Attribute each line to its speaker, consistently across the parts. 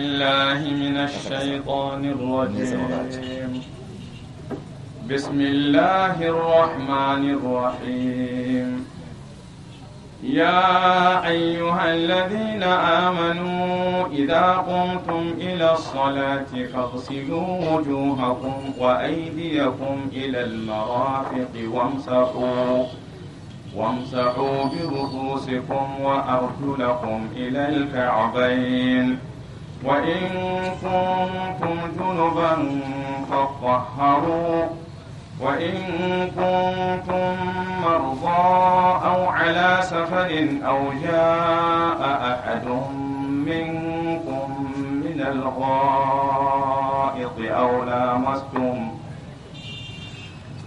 Speaker 1: الله من الشيطان الرجيم بسم الله الرحمن الرحيم يا أيها الذين آمنوا إذا قمتم إلى الصلاة فاغسلوا وجوهكم وأيديكم إلى المرافق وامسحوا وامسحوا برؤوسكم وأرجلكم إلى الكعبين ۖ وإن كنتم جنبا فطهروا وإن كنتم مرضى أو على سفر أو جاء أحد منكم من الغائط أو لامستم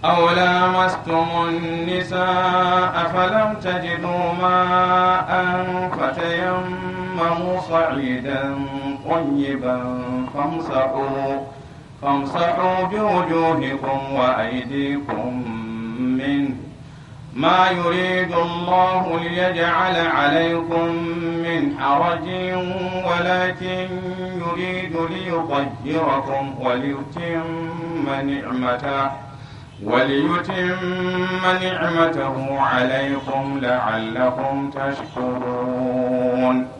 Speaker 1: أو لامستم النساء فلم تجدوا ماء فتيمموا تسمعوا صعيدا طيبا فامسحوا فامسحوا بوجوهكم وأيديكم منه ما يريد الله ليجعل عليكم من حرج ولكن يريد ليطهركم وليتم نعمته وليتم نعمته عليكم لعلكم
Speaker 2: تشكرون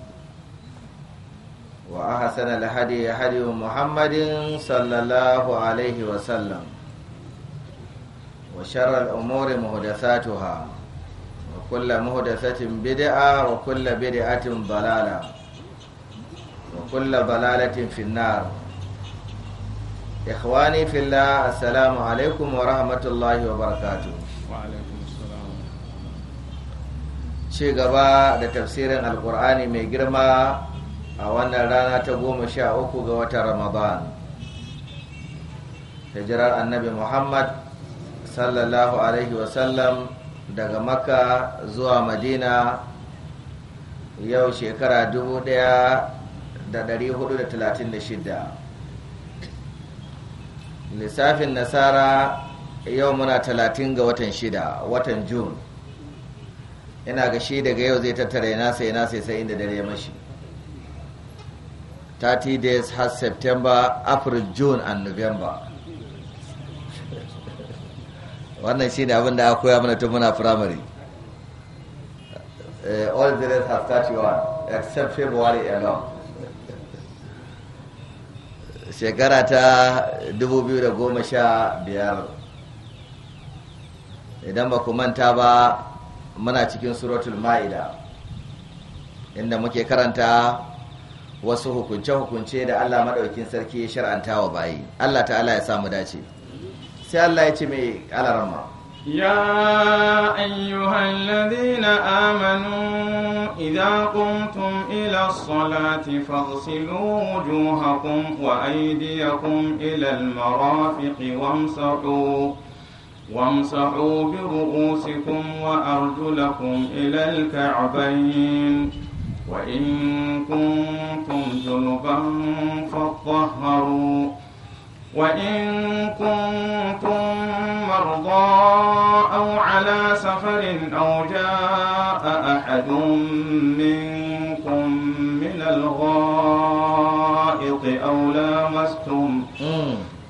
Speaker 2: وأحسن الهدي هدي محمد صلى الله عليه وسلم وشر الأمور مهدثاتها وكل مهدثة بدعة وكل بدعة ضلالة وكل ضلالة في النار إخواني في الله السلام عليكم ورحمة الله وبركاته وعليكم السلام شيء قبا لتفسير القرآن من a wannan rana ta goma sha uku ga wata ramadan hijirar annabi muhammad sallallahu alaihi wasallam daga makka zuwa madina yau shekara 1436 lissafin nasara yau muna 30 ga watan shida watan june ina ga shi daga yau zai tattara ya nasa ya nasa ya sai inda dare mashi 30 days has september april june and november wannan shi ne abinda aka koya mana tun muna firamare eh, all the rest have 31 except february alone shekara ta 2015 idan ba ku manta ba muna cikin suratul ma'ida inda muke karanta wasu hukunce-hukunce da Allah maɗaukin sarki ya shar'anta wa bayi Allah ta'ala ya samu dace sai Allah ya ce mai alarama يا أيها الذين
Speaker 1: آمنوا إذا قمتم إلى الصلاة فاغسلوا وجوهكم وأيديكم إلى المرافق وامسحوا وامسحوا برؤوسكم وأرجلكم إلى الكعبين وإن كنتم جنبا فاطهروا وإن كنتم مرضى أو على سفر أو جاء أحد منكم من الغائط أو لامستم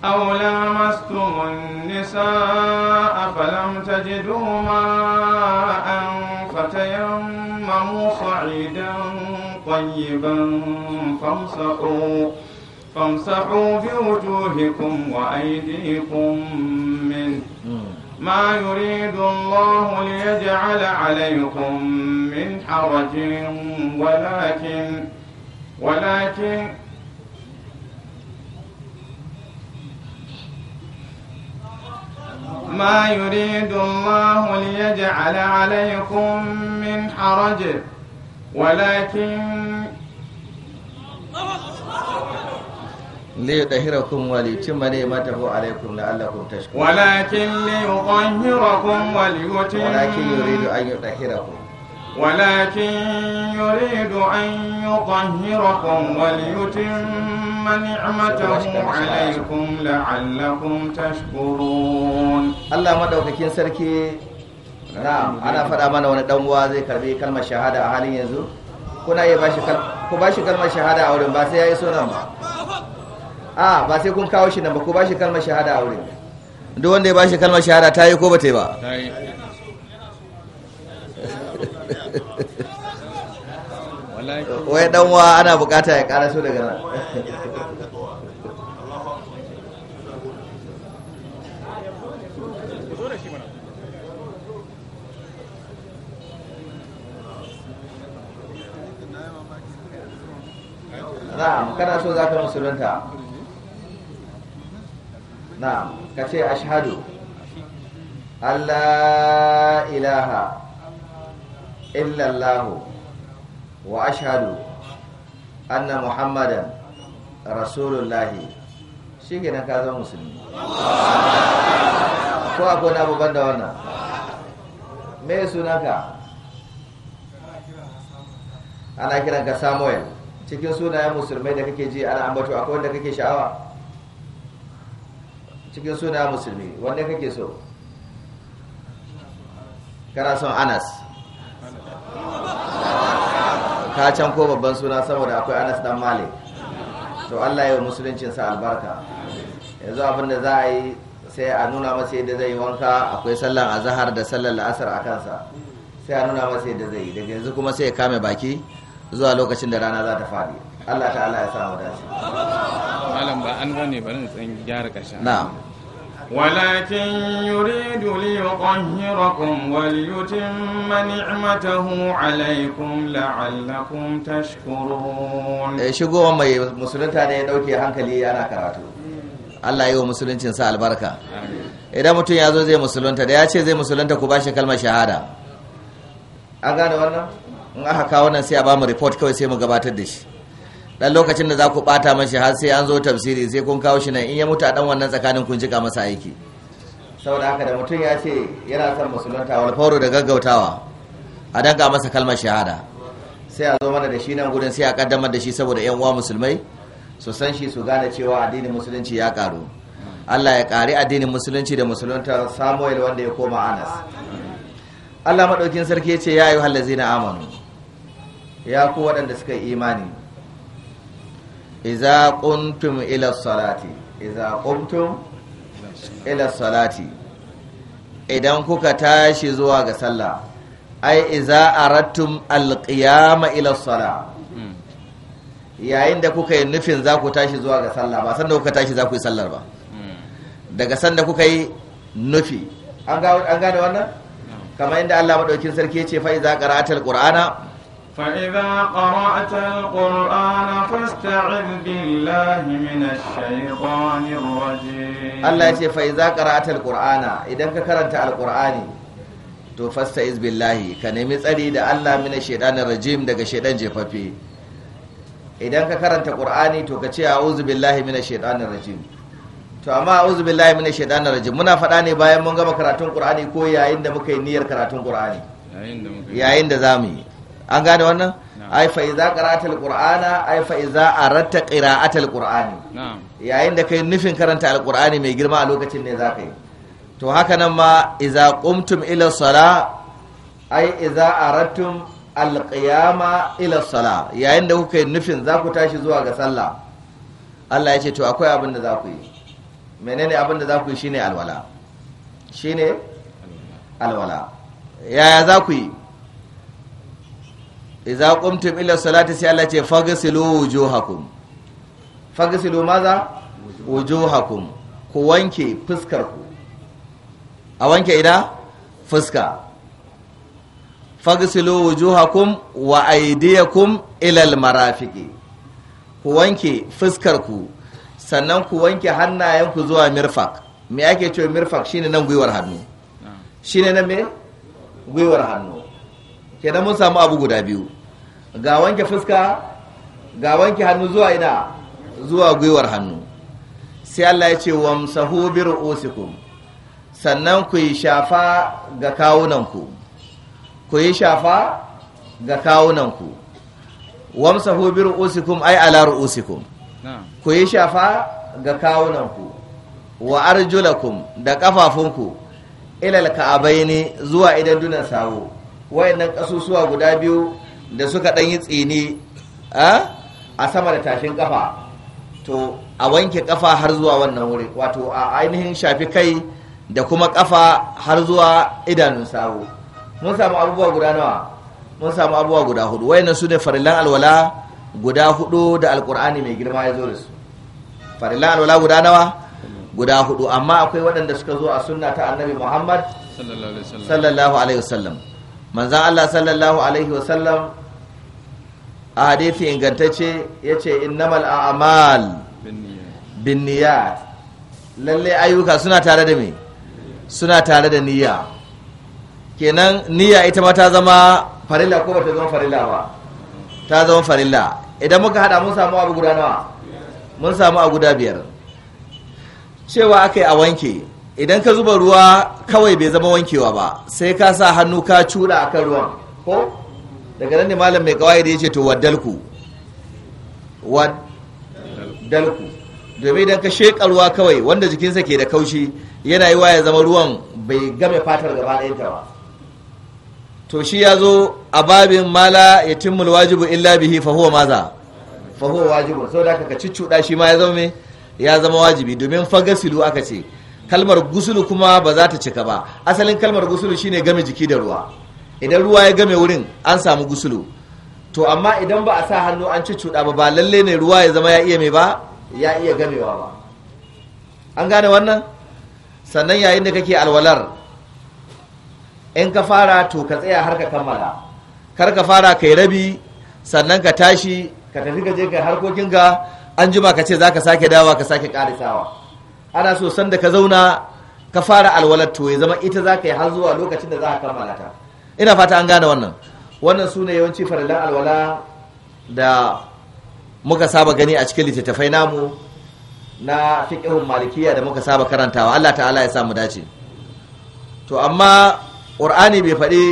Speaker 1: أو لامستم النساء فلم تجدوا ماء فتيمموا صعيدا طيبا فامسحوا فامسحوا بوجوهكم وأيديكم منه ما يريد الله ليجعل عليكم من حرج ولكن ولكن ما يريد الله ليجعل عليكم من حرج
Speaker 2: ولكن ليطهركم وليتم نعمته عليكم لعلكم تشكرون
Speaker 1: ولكن ليطهركم وليتم ولكن يريد أن يطهركم ولكن يريد أن يطهركم وليتم نعمته عليكم
Speaker 2: لعلكم تشكرون الله مدعوك كين سركي na'am ana faɗa mana wani dan uwa zai karbi kalmar shahada a halin yanzu kuna iya bashi ku bashi kalmar shahada a wurin ba sai yayi sunan ba a ba sai kun kawo shi nan ba ku bashi kalmar shahada a wurin duk wanda ya bashi kalmar shahada ta yi ko ba ta yi ba wai dan uwa ana bukata ya karaso daga nan
Speaker 1: na'am kana so za ka
Speaker 2: musulunta na'am ka ce ashhadu Allah ilaha illallahu wa ashhadu anna muhammadan rasulullahi shi ke ka zama musulmi ko akwai na babban da wannan me sunanka ana kiranka samuel cikin sunayen musulmai da kake ji ana ambato akwai wanda kake sha'awa cikin sunayen musulmi wanda kake so kana son anas ka can ko babban suna saboda akwai anas dan malik to allah yi wa musuluncinsa albarka yanzu da za a yi sai a nuna masa yadda zai yi wanka akwai sallan azahar da sallan la'asar a kansa sai a nuna masa yadda zai yi daga yanzu kuma sai ya kame baki zuwa lokacin da rana za ta faɗi Allah ta'ala ya sa mu
Speaker 1: dace malam ba an gane bari na tsan gyara kasha na'am ولكن يريد ليطهركم وليتم نعمته عليكم tashkurun تشكرون
Speaker 2: eh, shigo mai musulunta ne ya dauke hankali yana karatu Allah yi wa musuluncin sa albarka idan mutum ya zo zai musulunta da ya ce zai musulunta ku ba shi kalmar shahada an gane wannan in aka kawo nan sai a ba mu report kawai sai mu gabatar da shi dan lokacin da za ku bata mashi har sai an zo tafsiri sai kun kawo shi nan in ya mutu a dan wannan tsakanin kun jika masa aiki saboda haka da mutum ya ce yana son musulunta wal fawru da gaggautawa a danga masa kalmar shahada sai a zo mana da shi nan gudun sai a kaddamar da shi saboda yan uwa musulmai su san shi su gane cewa addinin musulunci ya karu Allah ya kari addinin musulunci da musulunta Samuel wanda ya koma Anas Allah madaukin sarki ya ce ya ayyuhal ladzina amanu ya ku waɗanda suka yi imani iza kuntum ila salati iza kuntum ila salati idan kuka tashi zuwa ga sallah ai iza arattum alqiyama ila salah yayin da kuka yi nufin za ku tashi zuwa ga sallah ba sanda kuka tashi za ku yi sallar ba daga sanda kuka yi nufi an gane wannan kamar inda Allah madaukin sarki ya ce fa iza qara'atal qur'ana
Speaker 1: فإذا قرأت القرآن فاستعذ بالله من الشيطان الرجيم الله يقول
Speaker 2: فإذا قرأت القرآن إذا كرنت القرآن to fasta'iz billahi ka nemi tsari da Allah mina shaidanin rajim daga shaidan jefaffe idan ka karanta qur'ani to ka ce a'udhu billahi mina shaidanin rajim to amma a'udhu billahi mina shaidanin rajim muna faɗa ne bayan mun gama karatun qur'ani ko yayin da muka yi niyyar karatun qur'ani yayin da zamu yi an gane wannan ai fa iza qara'ata alqur'ana ai fa iza aratta qira'ata alqur'ani yayin da kai nufin karanta alqur'ani mai girma a lokacin ne zaka yi to haka nan ma iza qumtum ila sala ai iza arattum alqiyama ila sala yayin da kuka yi nufin za ku tashi zuwa ga sallah Allah ya ce to akwai abin da za ku yi menene abin da za ku yi shine alwala shine alwala yaya za ku yi Iza kumtum ila salati sai Allah ce fagsilu wujuhakum fagsilu maza wujuhakum ku wanke fuskar ku a wanke ida fuska fagsilu wujuhakum wa aydiyakum ila almarafiqi ku wanke fuskar ku sannan ku wanke hannayen ku zuwa mirfaq me ake cewa mirfaq shine nan gwiwar hannu shine nan me gwiwar hannu da mun samu abu guda biyu ga wanke fuska ga wanke hannu zuwa ina zuwa gwiwar hannu sai Allah ya ce sahu bi ru'usikum sannan ku yi shafa ga kawunanku ku yi shafa ga kawunanku sahu bi ru'usikum ay ala ru'usikum ku yi shafa ga kawunanku wa arjulakum da kafafunku ilal ka'abaini zuwa idan dunan sawo wayannan kasusuwa guda biyu da suka dan yi tsini a sama da tashin kafa to a wanke kafa har zuwa wannan wuri wato a ainihin shafi kai da kuma kafa har zuwa idanun sawo mun samu abubuwa guda nawa mun samu abubuwa guda hudu wayannan su ne farillan alwala guda hudu da alkur'ani mai girma ya zo da su farillan alwala guda nawa guda hudu amma akwai waɗanda suka zo a sunna ta annabi muhammad sallallahu alaihi wasallam manzan Allah sallallahu alaihi wasallam a hadithi ingantacce ya ce innamal a'amal bin niyya lalle ayyuka suna tare da me suna tare da niyya kenan niyya ita ma ta zama farilla ko ba ta zama farilla ba ta zama farilla idan muka hada mun samu abu guda nawa mun samu a guda biyar cewa aka yi a wanke idan ka zuba ruwa kawai bai zama wankewa ba sai ka sa hannu ka cura a kan ruwan ko daga nan ne malam mai kawai da ya ce to waddalku waddalku domin idan ka sheƙa ruwa kawai wanda jikinsa ke da kaushi yana yi wa ya zama ruwan bai game fatar gaba ɗayanta ba to shi ya zo a babin mala ya timmul wajibu illa bihi fa huwa maza fa huwa wajibu saboda ka ciccuda shi ma ya zama me ya zama wajibi domin fagasilu aka ce kalmar gusulu kuma ba za ta cika ba asalin kalmar gusulu shine game jiki da ruwa idan ruwa ya game wurin an samu gusulu to amma idan ba a sa hannu an ci cuɗa ba ba lalle ne ruwa ya zama ya iya mai ba ya iya gamewa ba an gane wannan sannan yayin da kake alwalar in ka fara to ka tsaya har ka kammala kar ka fara kai rabi sannan ka tashi ka tafi ka je ka harkokinka an jima ka ce za ka sake dawa ka sake karisawa ana so sanda ka zauna ka fara alwalar to ya zama ita za ka yi har zuwa lokacin da za a kammala ta ina fata an gane wannan wannan su ne yawanci farillan alwala da muka saba gani a cikin littattafai namu na fiƙihun malikiya da muka saba karantawa Allah ta'ala ya samu dace to amma ƙur'ani bai faɗi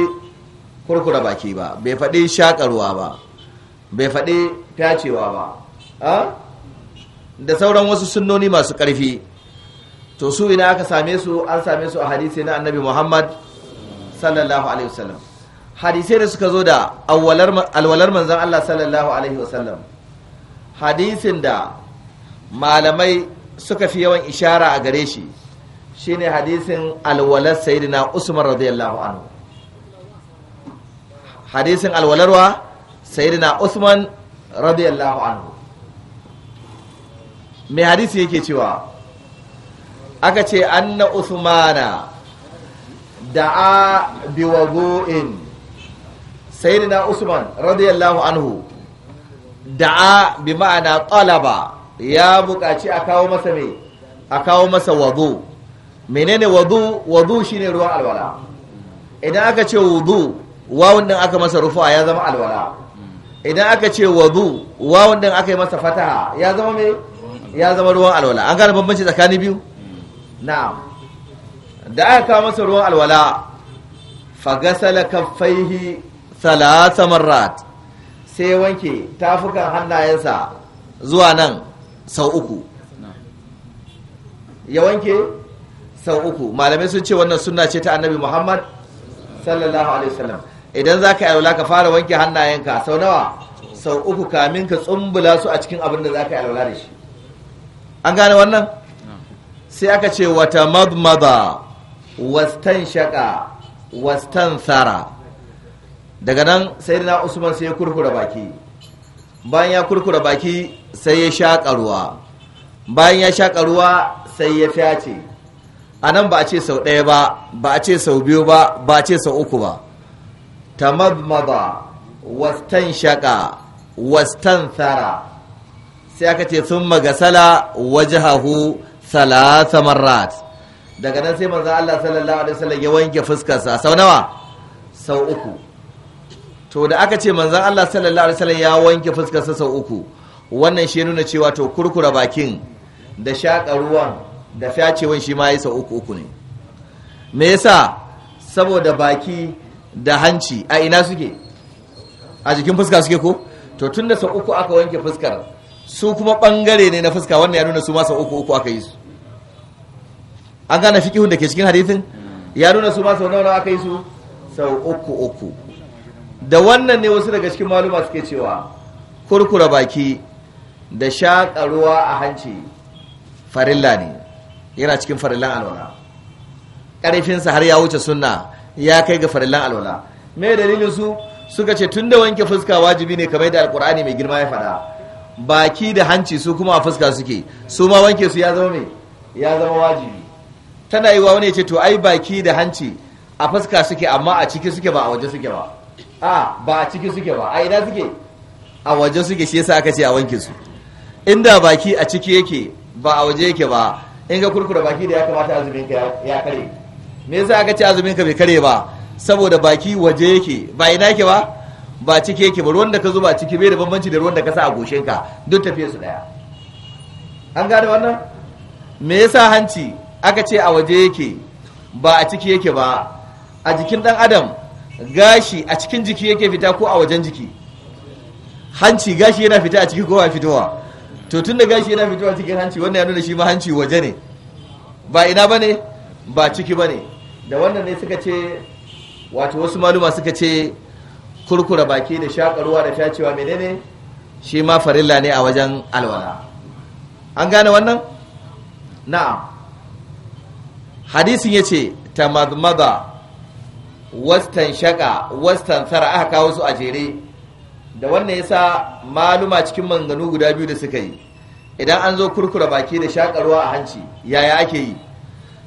Speaker 2: kurkura baki ba bai faɗi shakarwa ba bai faɗi tacewa ba ah? da sauran wasu sunnoni masu ƙarfi to su ina aka same su an same su a hadisi na annabi muhammad sallallahu alaihi wasallam hadisai da suka zo da alwalar manzan allah sallallahu alaihi wasallam hadisin da malamai suka fi yawan ishara a gare shi shine hadisin alwalar sayyidina usman radiyallahu anhu hadisin alwalarwa sayyidina usman radiyallahu anhu mai hadisi yake cewa aka ce anna usmana da'a biwadu'in sayyidina usman radiyallahu anhu da'a bi ma'ana talaba ya buƙaci a kawo masa mai a kawo masa wadu menene wadu shi shine ruwan alwala idan aka ce wudu wawun din aka masa rufa ya zama alwala idan aka ce wadu wawun din aka yi masa fataha ya zama mai? ya zama ruwan alwala an gane bambanci tsakanin biyu na'am da aka kawo masa ruwan alwala fagasala kaffaihi salasa marat sai wanke tafukan hannayensa zuwa nan sau uku ya wanke sau uku malamai sun ce wannan suna ce ta annabi muhammad sallallahu alaihi wasallam idan za ka yalwala ka fara wanke hannayenka sau nawa sau uku kamin ka tsumbula su a cikin abin da za ka yalwala da shi an gane wannan sai aka ce wata madmada wastan shaka, wastan tsara daga nan sai na usman sai ya kurkura baki bayan ya kurkura baki sai ya shaƙa ruwa bayan ya shaƙa ruwa sai ya fyace a nan ba a ce sau ɗaya ba ba a ce sau biyu ba ba a ce sau uku ba ta madmada wastan shaƙa wastan tsara sai aka ce sun magasala wajahahu salasa marat daga nan sai manzo Allah sallallahu alaihi wasallam ya wanke fuskarsa sau nawa sau uku to da aka ce manzon Allah sallallahu alaihi wasallam ya wanke fuskarsa sau uku wannan shi nuna cewa to kurkura bakin da shaka ruwan da fyacewan shi ma ya sau uku uku ne me yasa saboda baki da hanci a ina suke a jikin fuska suke ko to tun da sau uku aka wanke fuskar su kuma bangare ne na fuska wannan ya nuna su ma sau uku uku aka yi su an gane fikihun da ke cikin hadithin ya nuna su ba sau nawa aka yi su sau uku uku da wannan ne wasu daga cikin maluma suke cewa kurkura baki da shaƙa ruwa a hanci farilla ne yana cikin farillan alwala ƙarfinsa har ya wuce sunna ya kai ga farillan alwala me dalilin su suka ce tunda wanke fuska wajibi ne kamar da alkur'ani mai girma ya faɗa baki da hanci su kuma a fuska suke su ma wanke su ya zama me ya zama wajibi tana yi wa wani ce to ai baki da hanci a fuska suke amma a ciki suke ba a waje suke ba a ba a ciki suke ba a ina suke a waje suke shi yasa aka ce a wanke su inda baki a ciki yake ba a waje yake ba in ga kurkura baki da ya kamata azumin ka ya kare me yasa aka ce azumin ka bai kare ba saboda baki waje yake ba ina yake ba ba ciki yake ba ruwan da ka zuba ciki bai da bambanci da ruwan da ka sa a goshin ka duk tafiye su daya an gane wannan me yasa hanci aka ce a waje yake ba a ciki yake ba a jikin ɗan adam gashi a cikin jiki yake fita ko a wajen jiki hanci gashi yana fita a ciki ko ba fitowa to tun da gashi yana fitowa cikin hanci wannan ya nuna shi ma hanci waje ne ba ina ba ne ba ciki ba ne da wannan ne suka ce wato wasu maluma suka ce kurkura baki da shakarwa da tacewa menene shi ma farilla ne a wajen alwala an gane wannan na'am hadisin ya ce ta mazmada wastan shaka wastan tsara aka kawo su a jere da wannan ya sa maluma cikin manganu guda biyu da suka yi idan an zo kurkura baki da shaka ruwa a hanci yaya ake yi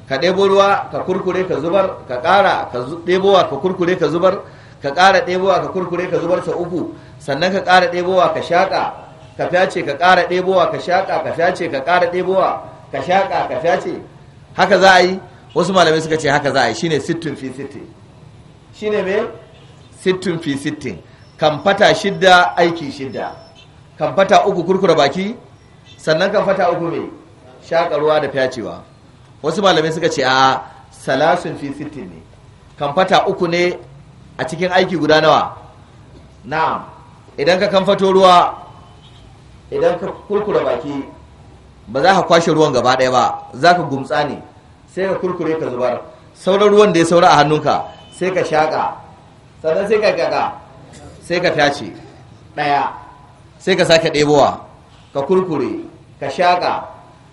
Speaker 2: ka ɗebo ruwa ka kurkure ka zubar ka ƙara ka ɗebowa ka kurkure ka zubar ka ƙara ɗebowa ka kurkure ka zubar sau uku sannan ka ƙara ɗebowa ka shaƙa ka fyace ka ƙara ɗebowa ka shaƙa ka fyace ka ƙara ɗebowa ka shaƙa ka fyace haka za a yi wasu malamai suka ce haka za a yi shine sittin fi sittin shine me sittin fi sittin kan fata shidda aiki shidda kan fata uku kurkura baki sannan kan fata uku me shakarwa da fyacewa wasu malamai suka ce a salasun fi sittin ne kan fata uku ne a cikin aiki guda nawa na'am idan ka kan fato ruwa idan ka kurkura baki ba za ka kwashe ruwan gaba ɗaya ba za ka gumtsa ne sai ka kurkure ka zubar sauran ruwan da ya saura a hannunka sai ka shaƙa sannan sai ka kaka sai ka fyace ɗaya sai ka sake ɗebowa ka kurkure ka shaƙa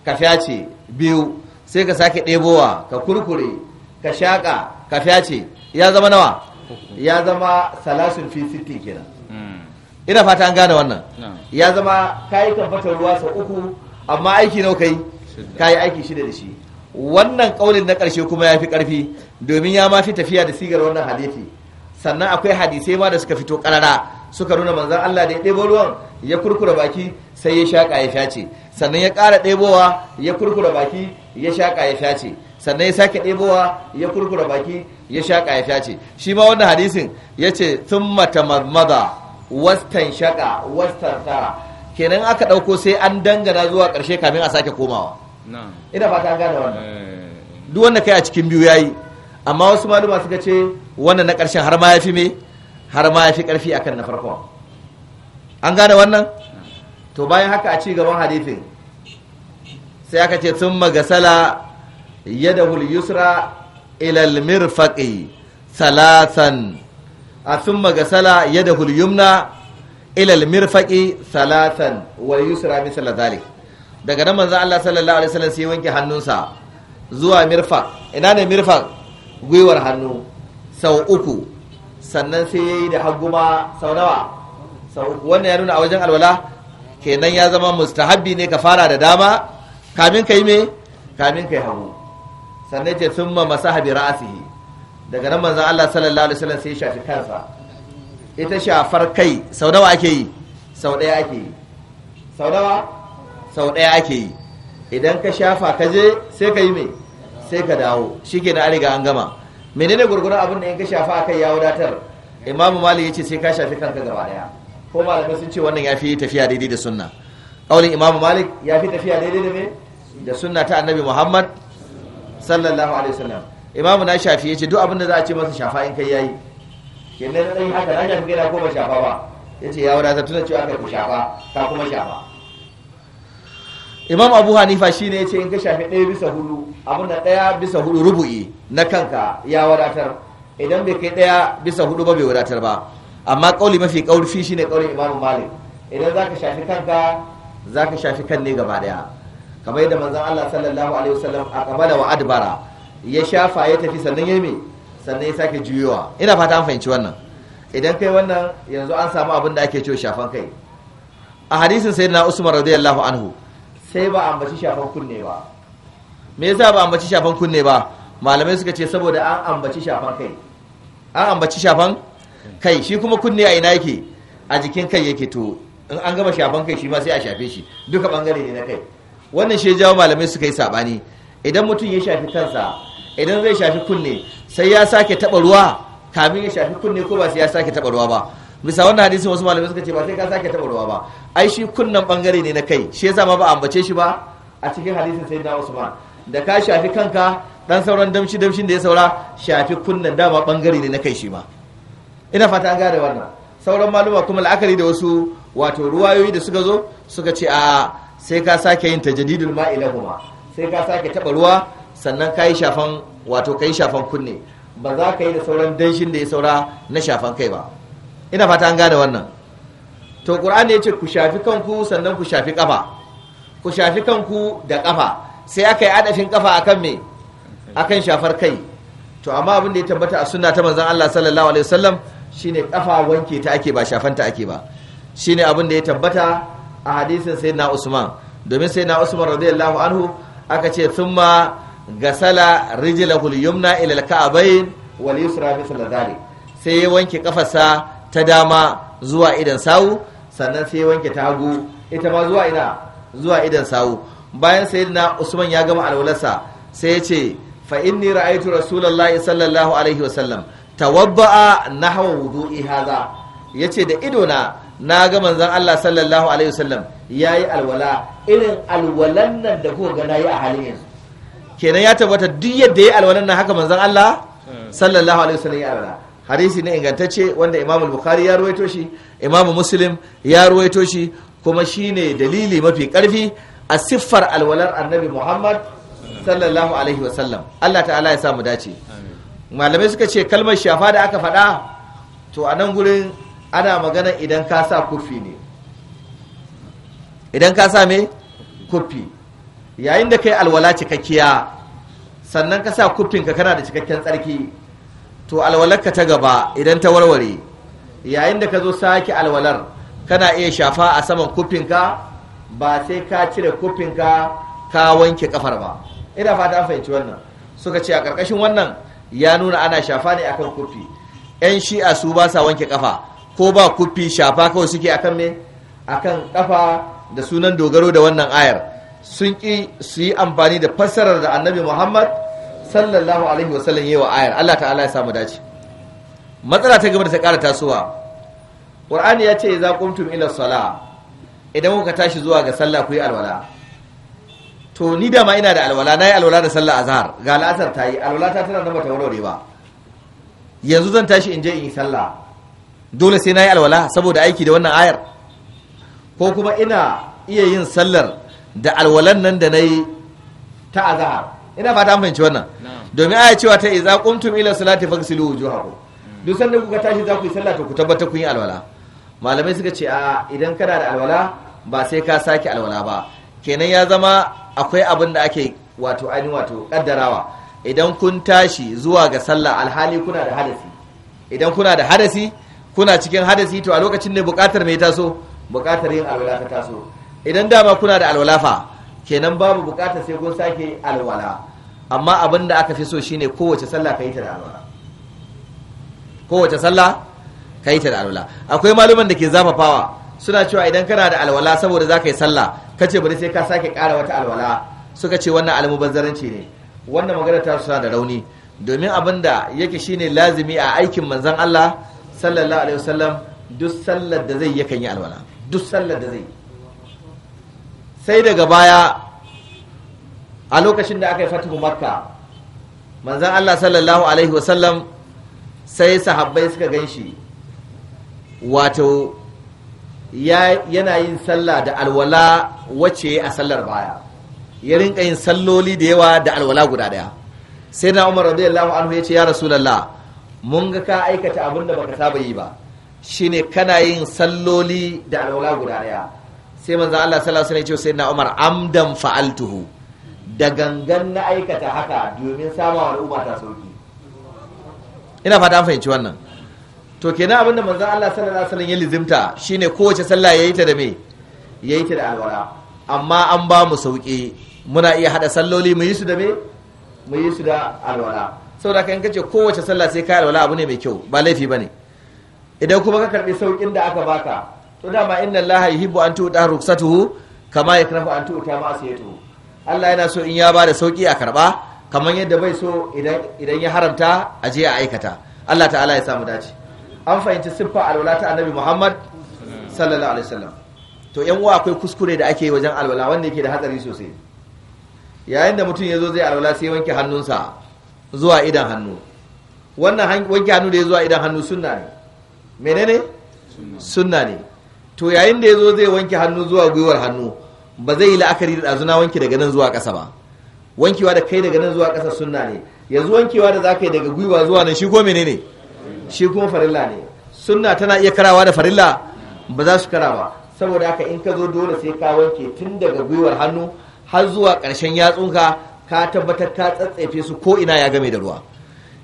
Speaker 2: ka fyace biyu sai ka sake ɗebowa ka kurkure ka shaƙa ka fyace ya zama nawa ya zama salasun fi sittin kenan hmm. ina fata an gane wannan ya zama ka yi tabbatar ruwa sau uku amma aiki nau kai yi aiki shida da shi wannan kaulin na ƙarshe kuma ya fi ƙarfi domin ya ma fi tafiya da sigar wannan hadisi sannan akwai hadisai ma da suka fito ƙarara suka nuna manzan Allah da ya ɗebo ruwan ya kurkura baki sai ya shaƙa ya ce. sannan ya ƙara ɗebowa ya kurkura baki ya shaƙa ya ce. sannan ya sake ɗebowa ya kurkura baki ya shaƙa ya ce. shi ma wannan hadisin ya ce sun mata mazmaza wastan shaƙa wastan tara kenan aka ɗauko sai an dangana zuwa ƙarshe kamin a sake komawa ina ba ta gane wannan eh. duk wanda kai a cikin biyu yayi amma wasu maluma suka ce wannan na karshen har ma yafi me har ma yafi karfi akan na farko an gane wannan to bayan haka a ci gaban hadithin sai aka ce sun magasala yadahul yusra ilal mirfaqi salasan a sun magasala yadahul yumna ilal mirfaqi salasan wa yusra misal zalik daga nan manzo Allah sallallahu alaihi wasallam sai wanke hannunsa zuwa mirfa ina ne mirfa gwiwar hannu sau uku sannan sai yayi da ma. sau nawa sau uku wannan ya nuna a wajen alwala kenan ya zama mustahabbi ne ka fara da dama kamin kai me kamin kai hagu sannan ce summa masahabi ra'asihi daga nan manzo Allah sallallahu alaihi wasallam sai ya shafi kansa ita shafar kai sau nawa ake yi sau daya ake yi sau nawa sau ɗaya ake yi idan ka shafa ka je sai ka yi mai sai ka dawo shi ke na ariga an gama menene gurgurun abin da in ka shafa kai ya wadatar imamu malik ya ce sai ka shafi kanka gaba daya ko malamai sun ce wannan ya fi tafiya daidai da sunna ƙaunin imamu malik ya fi tafiya daidai da me da sunna ta annabi muhammad sallallahu alaihi wasallam imamu na shafi ya ce duk abin da za a ce masa shafa in kai yayi kenan yi haka na shafi kai na ko ba shafa ba Ya ce ya wadatar tuna cewa aka ku shafa ka kuma shafa imam abu hanifa shi ya ce in ka shafi ɗaya bisa hudu abin da ɗaya bisa hudu rubu'i na kanka ya wadatar idan bai kai ɗaya bisa hudu ba bai wadatar ba amma ƙauli mafi ƙaurfi shine ƙaulin imamu malik idan za ka shafi kanka za ka shafi kan ne gaba ɗaya kamar yadda manzon allah sallallahu alaihi wasallam a kabala wa wa'adbara ya shafa ya tafi sannan ya me sannan ya sake juyowa ina fata an fahimci wannan idan kai wannan yanzu an samu abin da ake cewa shafan kai a hadisin sayyidina usman radiyallahu anhu sai ba ambaci shafan kunne ba me yasa ba ambaci shafan kunne ba malamai suka ce saboda an ambaci shafan kai an ambaci shafan kai shi kuma kunne a ina yake a jikin kai yake to in an gama shafan kai shi ma sai a shafe shi duka bangare ne na kai wannan shi jawo malamai suka yi sabani idan mutum ya shafi kansa idan zai shafi kunne sai ya sake taba ruwa kamin ya shafi kunne ko ba sai ya sake taba ruwa ba bisa wannan hadisin wasu malamai suka ce ba sai ka sake taɓa ruwa ba ai shi kunnan bangare ne na kai shi yasa ma ba ambace shi ba a cikin hadisin sai na usman da ka shafi kanka dan sauran damshi damshin da ya saura shafi kunnan dama bangare ne na kai shi ma ina fata an gane wannan sauran maluma kuma la'akari da wasu wato ruwayoyi da suka zo suka ce a sai ka sake yin tajadidul ma'ilahuma sai ka sake taɓa ruwa sannan ka yi shafan wato ka yi shafan kunne ba za ka yi da sauran danshin da ya saura na shafan kai ba ina fata an gane wannan to ya ce ku shafi kanku sannan ku shafi kafa ku shafi kanku da kafa sai aka yi kafa akan me akan shafar kai to amma abin da ya tabbata a sunna ta manzon Allah sallallahu alaihi wasallam shine kafa wanke ta ake ba shafanta ake ba shine abin da ya tabbata a hadisin sayyidina Usman domin sayyidina Usman radiyallahu anhu aka ce thumma gasala rijlahul yumna ila al-ka'bayn wal yusra mithla dhalik sai ya wanke kafarsa ta dama zuwa idan sawu sannan sai wanke ta hagu ita ma zuwa ina zuwa idan sawu bayan sayyidina usman ya gama alwalarsa sai ya ce fa inni ra'aytu rasulullahi sallallahu alaihi wasallam tawabba'a nahwa wudu'i hadha yace da idona na ga manzon Allah sallallahu alaihi wasallam yayi alwala irin alwalan nan da kuka ga nayi a halin yanzu kenan ya tabbata duk yadda yayi alwalan nan haka manzon Allah hmm. sallallahu alaihi wasallam ya alwala hadisi ne ingantacce wanda imamu bukari ya ruwaito shi imamu muslim ya ruwaito shi kuma shine dalili mafi karfi a siffar alwalar annabi muhammad sallallahu alaihi wasallam allah ta'ala ya samu dace malamai suka ce kalmar shafa da aka faɗa to a nan gurin ana magana idan ka sa kufi ne idan ka sa me kufi yayin da kai alwala cikakkiya sannan ka sa kufinka kana da cikakken tsarki to alwalarka ta gaba idan ta warware yayin da ka zo sake alwalar kana iya shafa a saman kufinka ba sai ka cire kufinka ka wanke kafar ba ina fata an fahimci wannan suka ce a ƙarƙashin wannan ya nuna ana shafa ne akan kufi yan shi'a su ba sa wanke kafa ko ba kufi shafa kawai suke akan me akan kafa da sunan dogaro da wannan ayar sun ƙi su yi amfani da fassarar da annabi muhammad sallallahu alaihi wasallam yayi wa ayar Allah ta'ala ya samu dace matsala ta gaba da ta ƙara tasowa qur'ani ya ce za qumtum ila salah idan kuka tashi zuwa ga sallah ku yi alwala to ni da ma ina da alwala nayi alwala da sallah azhar ga al'asar ta yi alwala ta tana da bata warware ba yanzu zan tashi in je in yi sallah dole sai nayi alwala saboda aiki da wannan ayar ko kuma ina iya yin sallar da alwalan nan da nayi ta azhar ina fata an fahimci wannan domin aya cewa ta iza qumtum ila salati faghsilu wujuhakum duk sanda kuka tashi za ku yi sallah to ku tabbata kun yi alwala malamai suka ce a idan kana da alwala ba sai ka sake alwala ba kenan ya zama akwai abin da ake wato aini wato kaddarawa idan kun tashi zuwa ga sallah alhali kuna da hadasi idan kuna da hadasi kuna cikin hadasi to a lokacin ne bukatar mai taso bukatar yin alwala ta taso idan dama kuna da alwala fa kenan babu bukata sai kun sake alwala amma abin da aka fi so shine kowace sallah ka yi ta da alwala kowace sallah ka yi ta da alwala akwai maluman da ke zafafawa suna cewa idan kana da alwala saboda za ka yi sallah ka ce bari sai ka sake ƙara wata alwala suka ce wannan almubazzaranci ne wannan magana ta suna da rauni domin abin da yake shine lazimi a aikin manzon Allah sallallahu alaihi wasallam duk sallar da zai yakan yi alwala duk sallar da zai yi sai daga baya a lokacin da aka yi fatihu makka manzan allah sallallahu alaihi wasallam sai sahabbai suka gan shi wato yana yin sallah da alwala wacce a sallar baya ya rinka yin salloli da yawa da alwala guda daya sai na umar radiyallahu anhu ya ce ya rasu lalla mun ga ka aikata abin da baka saba yi ba shine kana yin salloli da alwala guda daya sai manzo Allah sallallahu alaihi wasallam ya ce sayyidina Umar amdan fa'altuhu da gangan na aikata haka domin samawa al'umma ta sauki ina fata an fahimci wannan to kenan abinda manzo Allah sallallahu alaihi wasallam ya lizimta shine kowace sallah yayi ta da me yayi ta da alwala amma an ba mu sauki muna iya hada salloli mu yi su da me mu yi su da alwala saboda kan kace kowace sallah sai ka alwala abu ne mai kyau ba laifi bane idan kuma ka karbi saukin da aka baka to dama inna allaha yuhibbu an tu'ta ruksatuhu kama yakrahu an tu'ta ma'siyatuhu Allah yana so in ya ba da sauki a karba kamar yadda bai so idan idan ya haramta a je a aikata Allah ta'ala ya samu dace an fahimci siffa alwala ta annabi Muhammad sallallahu alaihi wasallam to yan uwa akwai kuskure da ake yi wajen alwala wanda yake da hatsari sosai yayin da mutum ya zo zai alwala sai wanke hannunsa zuwa idan hannu wannan wanke hannu da ya zuwa idan hannu sunna ne menene sunna ne to yayin da ya zo zai wanke hannu zuwa gwiwar hannu ba zai yi la'akari da ɗazuna wanke daga nan zuwa ƙasa ba wankewa da kai daga nan zuwa ƙasa sunna ne yanzu wankewa da za ka yi daga gwiwa zuwa nan shi ko ne shi kuma farilla ne sunna tana iya karawa da farilla ba za su kara ba saboda haka in ka zo dole sai ka wanke tun daga gwiwar hannu har zuwa ƙarshen yatsunka ka tabbatar ka tsatsefe su ko ina ya game da ruwa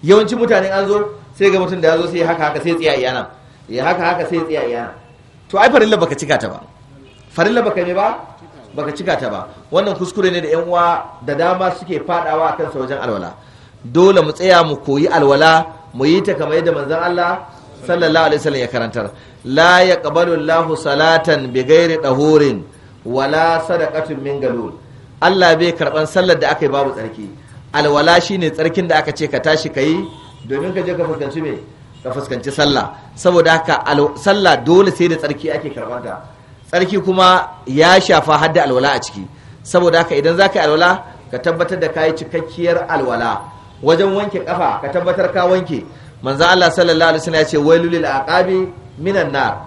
Speaker 2: yawancin mutane an zo sai ga mutum da ya zo sai haka haka sai tsiya iyana ya haka haka sai tsiya iyana to ai farilla baka cika ta ba farilla baka ne ba baka cika ta ba wannan kuskure ne da yan uwa da dama suke fadawa akan sa wajen alwala dole mu tsaya mu koyi alwala mu yi ta kamar yadda manzon Allah sallallahu alaihi wasallam ya karantar la yaqbalu Allahu salatan ghairi tahurin wala sadaqatin min galul Allah bai karban sallar da aka yi babu tsarki alwala shine tsarkin da aka ce ka tashi kai domin ka je ka fuskanci me ka fuskanci sallah saboda haka sallah dole sai da tsarki ake karbanta tsarki kuma ya shafa hadda alwala a ciki saboda haka idan za ka yi alwala ka tabbatar da kayi cikakkiyar alwala wajen wanke kafa ka tabbatar ka wanke manzo Allah sallallahu alaihi wasallam ya ce wailul lil aqabi minan nar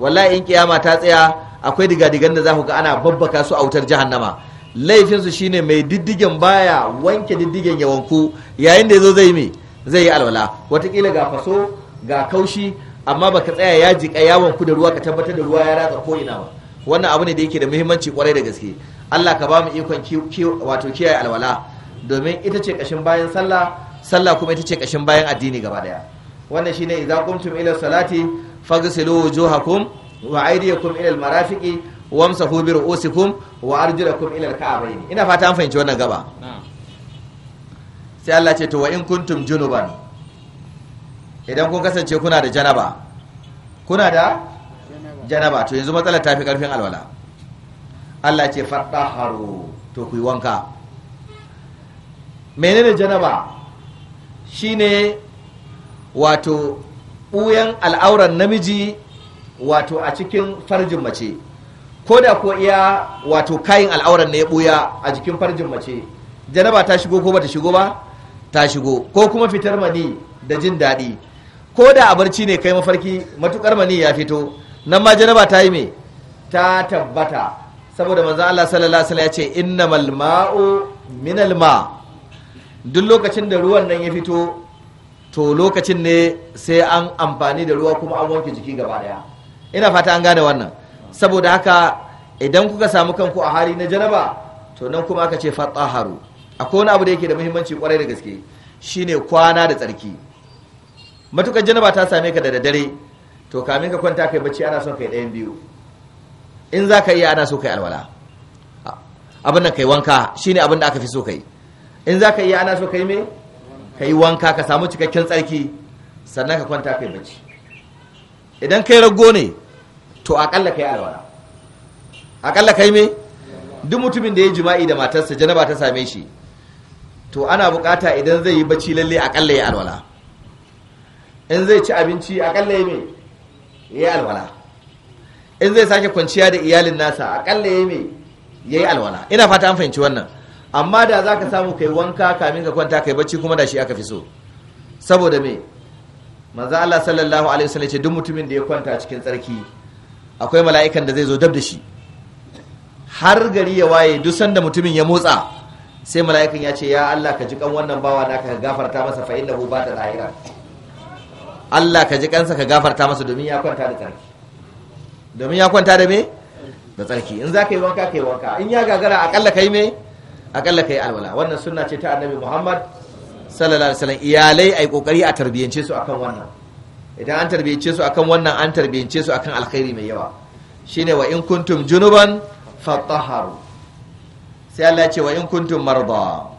Speaker 2: wallahi in kiyama ta tsaya akwai digadigan da za ku ga ana babbaka su a wutar jahannama laifin su shine mai diddigen baya wanke diddigen ya wanku yayin da yazo zai me zai yi alwala watakila ga faso ga kaushi amma baka tsaya ya jika yawon ku da ruwa ka tabbatar da ruwa ya ratsa ko ina ba wannan abu ne da yake da muhimmanci kwarai da gaske Allah ka ba mu ikon wato kiyaye alwala domin ita ce kashin bayan sallah sallah kuma ita ce kashin bayan addini gaba daya wannan shine idza qumtum ila salati faghsilu wujuhakum wa aydiyakum ila almarafiqi wamsahu bi ru'usikum wa arjulakum ila alka'bayn ina fata an fahimci wannan gaba sai Allah ce to wa in kuntum junuban idan kun kasance kuna da janaba kuna da janaba to yanzu matsalar tafi karfin alwala Allah ce haro to ku yi wanka menene janaba shine wato ɓuyan al'auran namiji wato a cikin farjin mace ko da ko iya wato kayan al'auran ne ya ɓuya a jikin farjin mace janaba ta shigo ko ba ta shigo ba ta shigo ko kuma fitar mani da jin daɗi ko da a barci ne kai mafarki matukar mani ya fito nan ma janaba ta yi me ta tabbata saboda manzo Allah sallallahu alaihi wasallam ya ce innamal ma'u minal ma duk lokacin da ruwan nan ya fito to lokacin ne sai an amfani da ruwa kuma an wanke jiki gaba daya ina fata an gane wannan saboda haka idan kuka samu kanku a hali na janaba to nan kuma aka ce fataharu akwai wani abu da yake da muhimmanci kwarai da gaske shine kwana da tsarki matukar janaba ta same ka da dare to kamin ka kwanta kai bacci ana son kai ɗayan biyu in za ka iya ana so kai alwala abin da kai wanka shine abin da aka fi so kai in za ka iya ana so kai me kai wanka ka samu cikakken tsarki sannan ka kwanta kai bacci idan kai rago ne to akalla kai alwala akalla kai me duk mutumin da ya jima'i da matarsa janaba ta same shi to ana bukata idan zai yi bacci lalle akalla ya alwala in zai ci abinci akalla ya mai ya yi alwala in zai sake kwanciya da iyalin nasa akalla ya mai ya yi alwala ina fata an fahimci wannan amma da za ka samu kai wanka kamin ka kwanta kai bacci kuma da shi aka fi so saboda me maza Allah sallallahu alaihi wasallam ce duk mutumin da ya kwanta cikin tsarki akwai mala'ikan da zai zo dab da shi har gari ya waye duk sanda mutumin ya motsa sai mala'ikan ya ce ya Allah ka ji kan wannan bawa naka ka gafarta masa fa innahu ba ta lahira Allah ka ji kansa ka gafarta masa domin ya kwanta da tsarki domin ya kwanta da me da tsarki in za ka yi wanka ka yi wanka in ya gagara akalla ka yi me akalla ka yi alwala wannan sunna ce ta annabi muhammad sallallahu alaihi wasallam iyalai ai kokari a tarbiyyance su akan wannan idan an tarbiyyance su akan wannan an tarbiyyance su akan alkhairi mai yawa shine wa in kuntum junuban fatahharu sai Allah ya ce wa in kuntum marda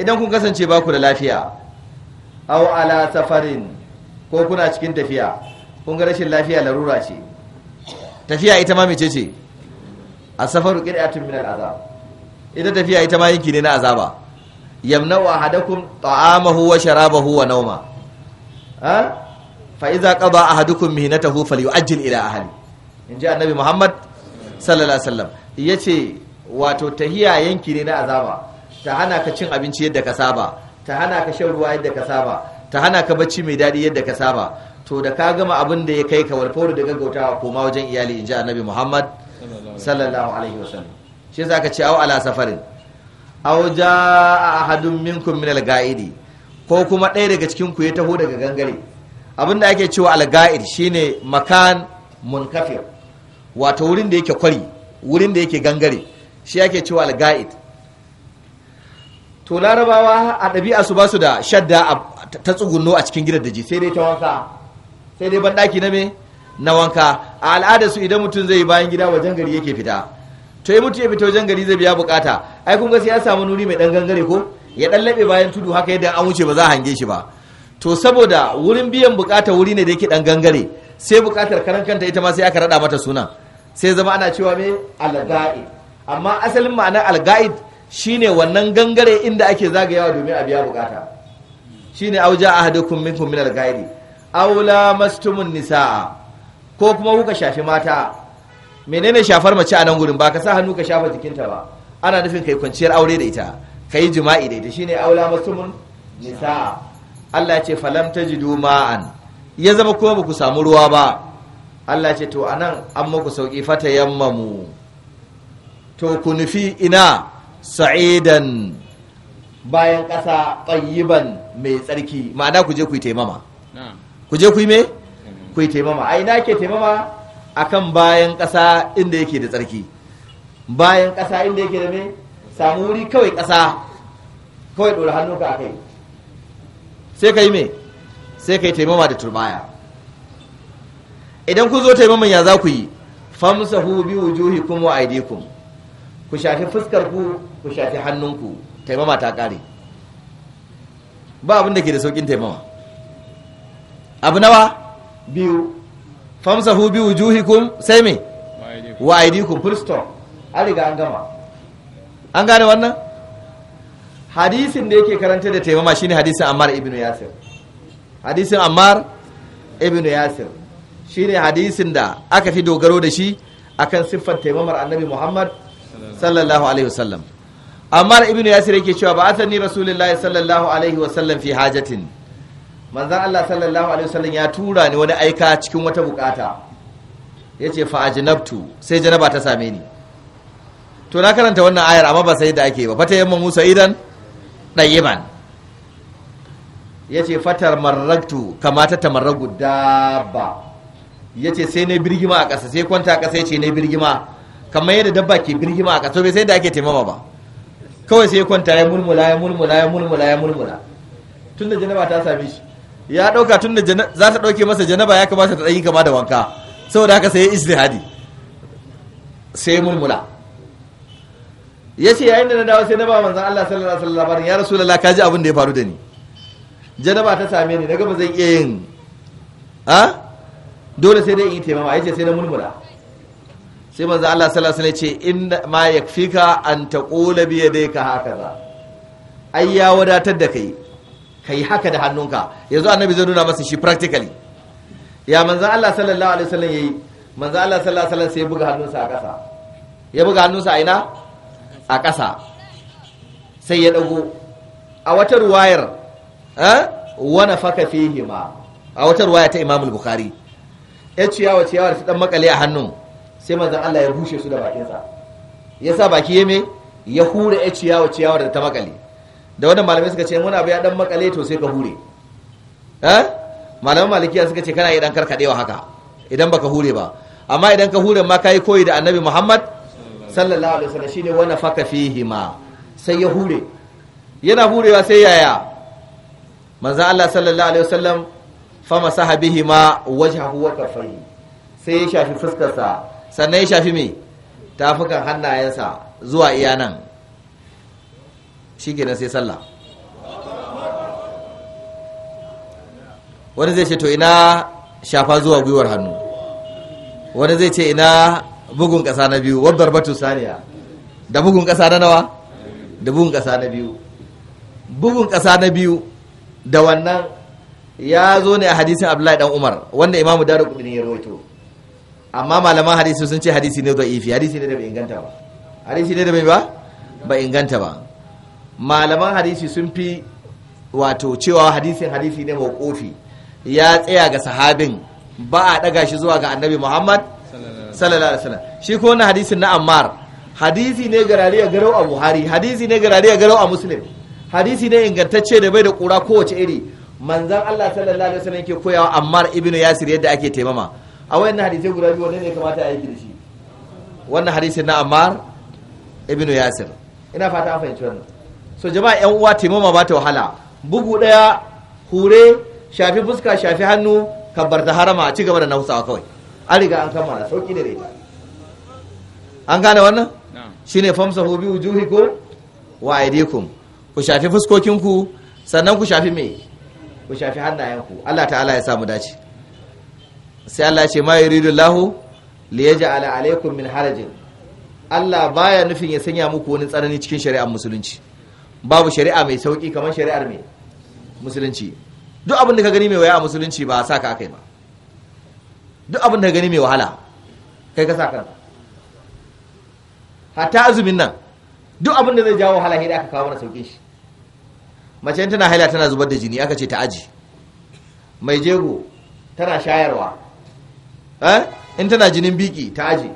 Speaker 2: idan kun kasance ba ku da lafiya aw ala safarin ko kuna cikin tafiya kun ga rashin lafiya larura ce tafiya ita ma mece ce a safaru qira'atun min al'azab ita tafiya ita ma yinki ne na azaba yamna'u ahadakum ta'amahu wa sharabahu wa nawma ha fa idza qada ahadukum mihnatahu falyu'ajjil ila ahli inji annabi muhammad sallallahu alaihi wasallam yace wato tahiya yanki ne na azaba ta hana ka cin abinci yadda ka saba ta hana ka shan ruwa yadda ka saba ta hana ka bacci mai daɗi yadda ka saba to da ka gama abin da ya kai ka walfawar da gaggautawa koma wajen iyali in ji annabi muhammad sallallahu alaihi wasallam shi yasa ka ce au ala safarin au jaa ahadun minkum min al-ga'idi ko kuma ɗaya daga cikin ku ya taho daga gangare abin da ake cewa al-ga'id shine makan munkafir wato wurin da yake kwari wurin da yake gangare shi ake cewa al-ga'id to larabawa a ɗabi'a su ba su da shadda ta tsugunno a cikin gidan daji sai dai ta wanka sai dai ban daki na me na wanka a al'adar su idan mutum zai bayan gida wajen gari yake fita to ya mutu ya fita wajen gari zai biya bukata ai kun ga sai ya samu nuri mai dan gangare ko ya dan labe bayan tudu haka yadda an wuce ba za hange shi ba to saboda wurin biyan bukata wuri ne da yake dan gangare sai bukatar karan kanta ita ma sai aka rada mata sunan sai zama ana cewa me alga'i amma asalin ma'anar alga'id shine wannan gangare inda ake zagayawa domin a biya bukata ne auja a hadukun minkun minar ghairi aula lamastumun nisaa ko kuma kuka shafi mata menene shafar mace a nan gurin ba ka sa hannu ka shafa jikinta ba ana nufin kai kwanciyar aure da ita kai jima'i da ita shine aula lamastumun nisaa Allah ce falam tajidu ma'an ya zama kuma ba ku samu ruwa ba Allah ce to anan an muku sauki fata yammamu to ku nufi ina sa'idan bayan ƙasa ƙayyiban mai tsarki ma'ana ku je ku yi taimama ku je ku yi me ku yi taimama a ina ke taimama akan bayan ƙasa inda yake da tsarki bayan ƙasa inda yake da me samu wuri kawai ƙasa kawai ɗora hannu ka kai sai ka yi me sai ka yi taimama da turbaya idan ku zo taimaman ya za ku yi famsahu bi wujuhikum wa aydikum ku shafi fuskar ku ku shafi hannunku taimama ta kare ba abin da ke da saukin taimama abu nawa biyu famsahu bi wujuhikum sai me wa aidikum full stop an riga an gama an gane wannan hadisin da yake karanta da taimama shine hadisin Ammar ibn Yasir hadisin Ammar ibn Yasir shine hadisin da aka fi dogaro da shi akan siffar taimamar Annabi Muhammad sallallahu alaihi wasallam ammar ibnu yasir yake cewa ba atani rasulullahi sallallahu alaihi wa sallam fi hajatin manzon Allah sallallahu alaihi wa sallam ya tura ni wani aika cikin wata bukata yace fa ajnabtu sai janaba ta same ni to na karanta wannan ayar amma ba sai da ake ba fata yamma musa idan dayiban yace fatar marragtu kamata tamarragu dabba yace sai ne birgima a ƙasa sai kwanta a ƙasa yace ne birgima kamar yadda dabba ke birgima a ƙasa to bai sai da ake taimama ba kawai sai ya kwanta ya mulmula ya mulmula ya mulmula ya mulmula tun da janaba ta same shi ya dauka tun da za ta dauke masa janaba ya kamata ta yi kama da wanka saboda haka sai ya istihadi sai mulmula ya ce yayin da na dawo sai na ba manzan Allah sallallahu alaihi wasallam ya rasulullah ka ji abin da ya faru da ni janaba ta same ni daga ba zan iya yin a ah? dole sai dai in yi taimama yace sai na mulmula sai manzo Allah sallallahu alaihi wasallam ce inna ma yakfika an taqula bi yadayka hakaza ai ya wadatar da kai kai haka da hannunka yanzu annabi zai nuna masa shi practically ya manzo Allah sallallahu alaihi wasallam yayi manzo Allah sallallahu alaihi wasallam sai buga hannunsa a ƙasa ya buga hannunsa a ina a ƙasa sai ya dago a wata ruwayar eh wana faka ma a wata ruwaya ta Imam al-Bukhari ya ciyawa ciyawa da ta dan makale a hannun sai manzon Allah ya bushe su da bakinsa ya sa baki ya me ya hure ya ciyawa ciyawar da ta makale da wannan malamai suka ce muna ya dan makale to sai ka hure eh malaman malikiya suka ce kana yi dan karkadewa haka idan baka hure ba amma idan ka hure ma kai koyi da annabi Muhammad sallallahu alaihi wasallam shine wa nafaka fihi ma sai ya hure yana hurewa sai yaya manzon Allah sallallahu alaihi wasallam fama sahabihima ma wajhahu wa kafaihi sai ya shafi fuskarsa sannan ya shafi mai tafukan hannayensa zuwa iya nan shi kenan sai sallah wani zai ce to ina shafa zuwa gwiwar hannu wani zai ce ina bugun ƙasa na biyu wadda batu saniya da bugun ƙasa na nawa da bugun ƙasa na biyu bugun ƙasa na biyu da wannan ya zo ne a hadisin abdullahi dan umar wanda imamu daru kudin ya rawaito amma malaman hadisi sun ce hadisi ne da ifi hadisi ne da bai inganta ba hadisi ne da bai ba ba inganta ba malaman hadisi sun fi wato cewa hadisin hadisi ne mai kofi ya tsaya ga sahabin ba a daga shi zuwa ga annabi Muhammad sallallahu alaihi wasallam shi ko wannan hadisin na Ammar hadisi ne garari a garau a Buhari hadisi ne garari a garau a Muslim hadisi ne ingantacce da bai da kura kowace iri manzan Allah sallallahu alaihi wasallam yake koyawa Ammar ibnu Yasir yadda ake taimama a wayannan hadisai guda biyu wanne ne kamata a yi da shi wannan hadisai na Ammar ibn Yasir ina fata an fahimci wannan so jama'a yan uwa taimama ba ta wahala bugu daya hure shafi fuska shafi hannu kabbar ta harama a ci gaba da nausawa kawai an riga an kammala sauki da ita an gane wannan shine famsahu bi wujuhikum wa aidikum ku shafi fuskokinku sannan ku shafi me ku shafi hannayenku Allah ta'ala ya samu dace sai Allah ce ma yuridu lahu li yaj'ala alaikum min harajin Allah baya nufin ya sanya muku wani tsanani cikin shari'ar musulunci babu shari'a mai sauki kamar shari'ar mai musulunci duk abin da ka gani mai waya a musulunci ba a sa ka akai ba duk abin da ka gani mai wahala kai ka sa kanka hatta azumin nan duk abin da zai jawo wahala sai aka kawo mana sauki shi mace tana haila tana zubar da jini aka ce ta aji mai jego tana shayarwa Eh? in tana jinin biki ta aji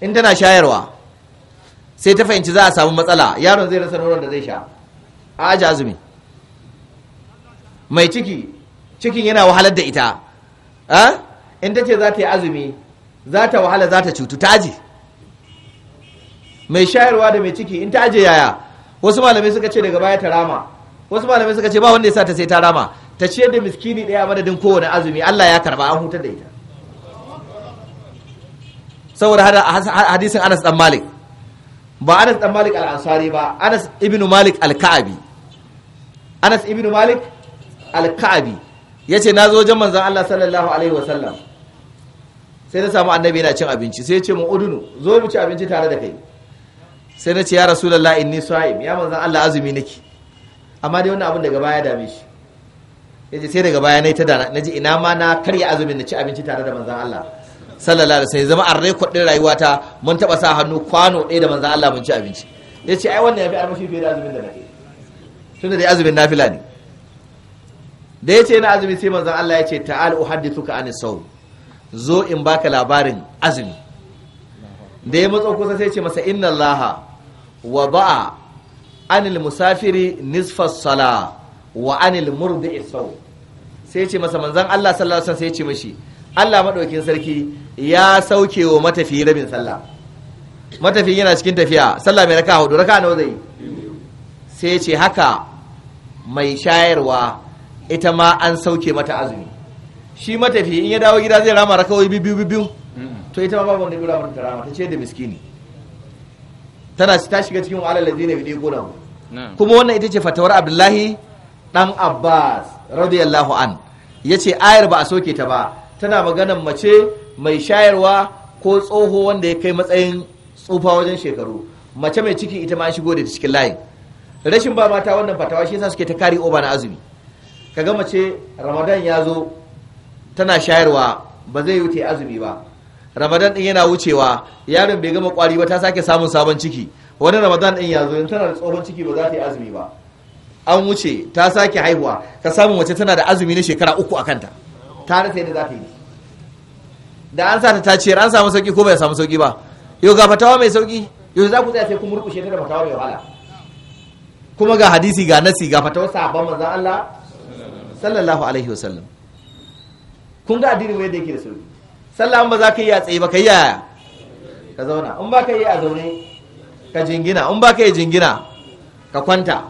Speaker 2: in tana shayarwa sai ta fahimci za a samu matsala yaron zai rasa nonon da zai sha a aji azumi mai ciki cikin yana wahalar da ita eh? in ta ce za ta yi azumi za ta wahala za ta cutu ta aji mai shayarwa da mai ciki in ta aji yaya wasu malamai suka ce daga baya ta rama wasu malamai suka ce ba wanda ya sa ta sai ta rama ta ce da miskini daya madadin kowane azumi Allah ya karba an hutar da ita saboda hadisin anas dan malik ba anas dan malik al-ansari ba anas ibn malik al-ka'abi anas ibn malik al-ka'abi yace na zo wajen manzon Allah sallallahu alaihi wa sallam sai na samu annabi yana cin abinci sai ya ce mu udunu zo mu ci abinci tare da kai sai na ce ya rasulullah inni sa'im ya manzon Allah azumi nake amma dai wannan abin daga baya dame shi yace sai daga baya nayi ta da naji ina ma na karya azumin na ci abinci tare da manzon Allah sallallahu alaihi wasallam zama a rekod din rayuwata mun taba sa hannu kwano ɗaya da manzo Allah mun ci abinci yace ai wannan yafi armashi fiye da azumin da nake tunda dai azumin nafila ne da yace yana azumi sai manzo Allah yace ta'al uhaddithuka anis saw zo in baka labarin azumi da ya matso kusa sai ce masa inna Allah wa ba'a anil musafiri nisfas sala wa anil murdi sau sai ce masa manzan Allah sallallahu alaihi wasallam sai ce mashi Allah maɗaukin sarki ya sauke wa matafiyi rabin sallah matafiyi yana cikin tafiya sallah mai raka hudu raka nawa zai sai ce haka mai shayarwa ita ma an sauke mata azumi shi matafi in ya dawo gida zai rama wai biyu biyu to ita ma babu wanda biyu mata ta rama ta ce da miskini tana ta shiga cikin wahalar da zina bidiyo gona kuma wannan ita ce fatawar abdullahi dan abbas radiyallahu an ya ce ayar ba a soke ta ba tana maganan mace mai shayarwa ko tsoho wanda ya kai matsayin tsufa wajen shekaru mace mai ciki ita ma an shigo da cikin layin rashin ba mata wannan fatawa shi yasa suke ta kari oba na azumi kaga mace ramadan ya zo tana shayarwa ba zai wuce azumi ba ramadan din yana wucewa yaron bai gama kwari ba ta sake samun sabon ciki wani ramadan din ya zo yanzu tana da tsohon ciki ba za ta yi azumi ba an wuce ta sake haihuwa ka samu mace tana da azumi na shekara uku a kanta ta sai da za ta yi da an sa ta ta ciyar an samu sauki ko bai samu sauki ba yau ga fatawa mai sauki yau za ku tsaya sai kun murkushe ta da fatawa mai wahala kuma ga hadisi ga nasi ga fatawa sahabban manzon Allah sallallahu alaihi wasallam kun ga addini mai da yake da sauki sallah ba za ka yi a tsaye ba ka yi yaya ka zauna in ba ka yi a zaune ka jingina in ba ka yi jingina ka kwanta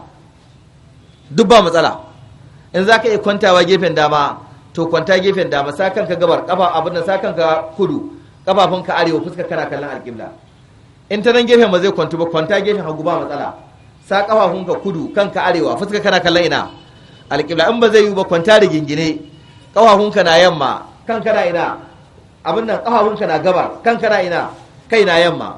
Speaker 2: duk ba matsala in za ka yi kwantawa gefen dama to kwanta gefen dama sa kanka gabar kafa abin da sa kanka kudu kafafunka arewa fuska kana kallon alƙibla in ta nan gefen ba zai kwantu ba kwanta gefen hagu ba matsala sa ka kudu kanka arewa fuska kana kallon ina alƙibla in ba zai yi ba kwanta da gingine ka na yamma kanka na ina abin nan ka na gabar kanka na ina kai na yamma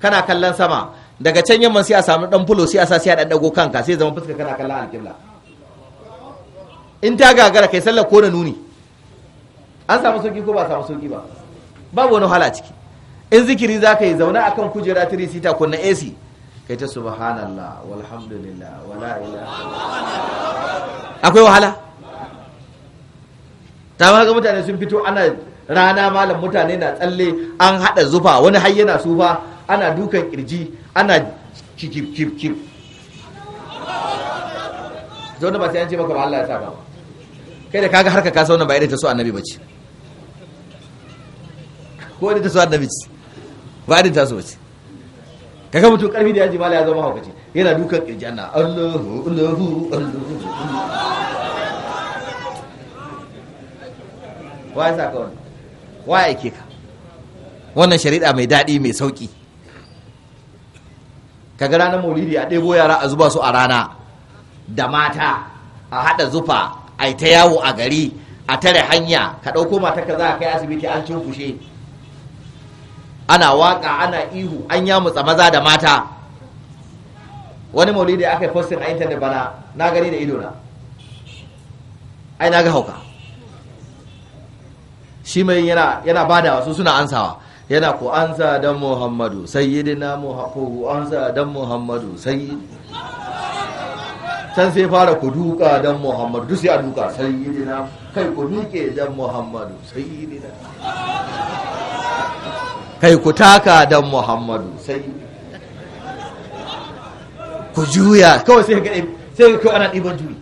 Speaker 2: kana kallon sama daga can yamma sai a samu dan fulo sai a sa sai a daddago kanka sai zama fuska kana kallon alƙibla in ta gagara kai sallar na nuni an samu sauki ko ba samu sauki ba babu wani hala ciki in zikiri za ka yi zaune a kan kujera tiri sita kunna ac kai ta subhanallah walhamdulillah wala akwai wahala ta ma ga mutane sun fito ana rana malam mutane na tsalle an hada zufa wani har yana sufa ana dukan kirji ana kip kip zaune ba sai an ce maka ba Allah ya saka ba kai da kaga harka kasa wannan ba irin ta so annabi bace ko irin ta so annabi ce ba irin ta so bace kaga mutum karfi da yaji mala ya zama haukaci yana dukan kirji ana Allahu Allahu Allahu wai sa ka wai ke ka wannan shari'a mai daɗi mai sauƙi ga ranar maulidi a ɗebo yara a zuba su a rana da mata a haɗa zufa ai ta yawo a gari a tare hanya ka ɗauko mata ka za a kai asibiti an cunkushe ana waka ana ihu an ya mutsa maza da mata wani maulidi aka yi postin a intanet bana na gani da idona ai na ga hauka shi mai yana yana bada wasu suna ansawa yana ku ansa dan muhammadu sayyidina muhammadu ansa dan muhammadu sayyidina can sai fara ku duka dan muhammadu duk sai a duka dina kai ku duke dan muhammadu sai yi dina kai ku taka dan muhammadu sayyidina ku juya kawai sai ga sai kai ana ɗiban juyi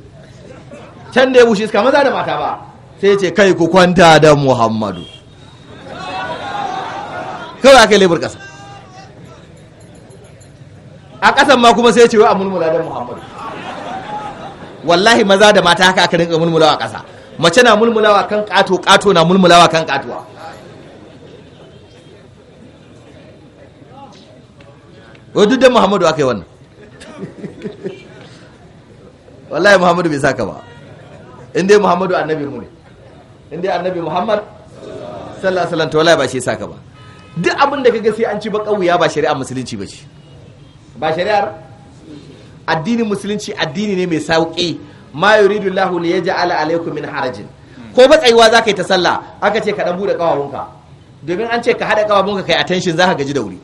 Speaker 2: can da ya bushe iska maza da mata ba sai ce kai ku kwanta dan muhammadu kawai aka yi lebur kasa. a ƙasan ma kuma sai ce wa a mulmula dan muhammadu wallahi maza da mata haka aka rinka mulmulawa ƙasa mace na mulmulawa kan ƙato ƙato na mulmulawa kan ƙatuwa duk da muhammadu aka yi wannan wallahi muhammadu bai saka ba inda muhammadu annabi ne inda annabi muhammad sallallahu alaihi wasallam wallahi ba shi saka ba duk abin da kaga sai an ci ba kauya ba shari'a musulunci ba ce ba shari'ar addinin musulunci addini ne mai sauƙi ma yuridu lahu li yaj'ala alaykum min harajin ko ba tsayuwa zaka yi ta sallah aka ce ka dan bude kawawunka domin an ce ka hada kawawunka kai attention zaka gaji da wuri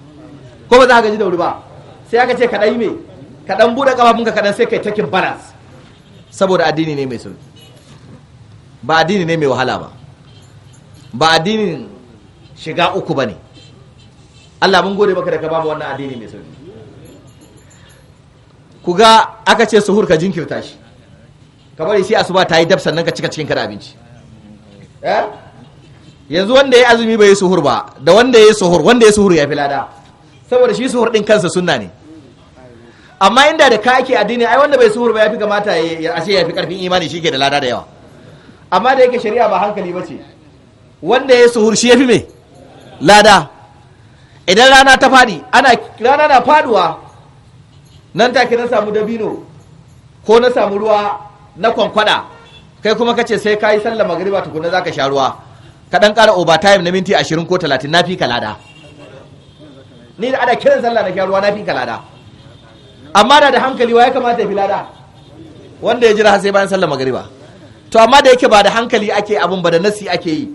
Speaker 2: ko ba zaka gaji da wuri ba sai aka ce ka dai yi me ka dan bude kawawunka ka dan sai kai taking balance saboda addini ne mai sauki ba addini ne mai wahala ba ba addinin shiga uku bane Allah mun gode maka da ka ba mu wannan addini mai sauki ku ga aka ce suhur ka jinkirta shi ka bari sai asuba ta yi dab sannan ka cika cikin kada abinci eh? yanzu wanda ya azumi bai yi suhur ba da wanda ya yi suhur wanda ya suhur ya fi lada saboda shi suhur din kansa sunna ne amma inda da ka ake addini ai wanda bai suhur ba ya fi kamata ya ashe ya fi karfin imani shi ke da lada da yawa amma da yake shari'a ba hankali ba ce wanda ya yi suhur shi ya fi me lada idan rana ta faɗi ana rana na faduwa nan take na samu dabino ko na samu ruwa na kwankwada kai kuma kace sai yi sallar magriba tukuna zaka sha ruwa ka dan ƙara time na minti 20 ko 30 na fi kalada ni da ada kiran sallah na sha ruwa na fi kalada amma da da hankali wa ya kamata ya fi lada wanda ya jira sai bayan sallar magriba to amma da yake ba da hankali ake abun ba da nasi ake yi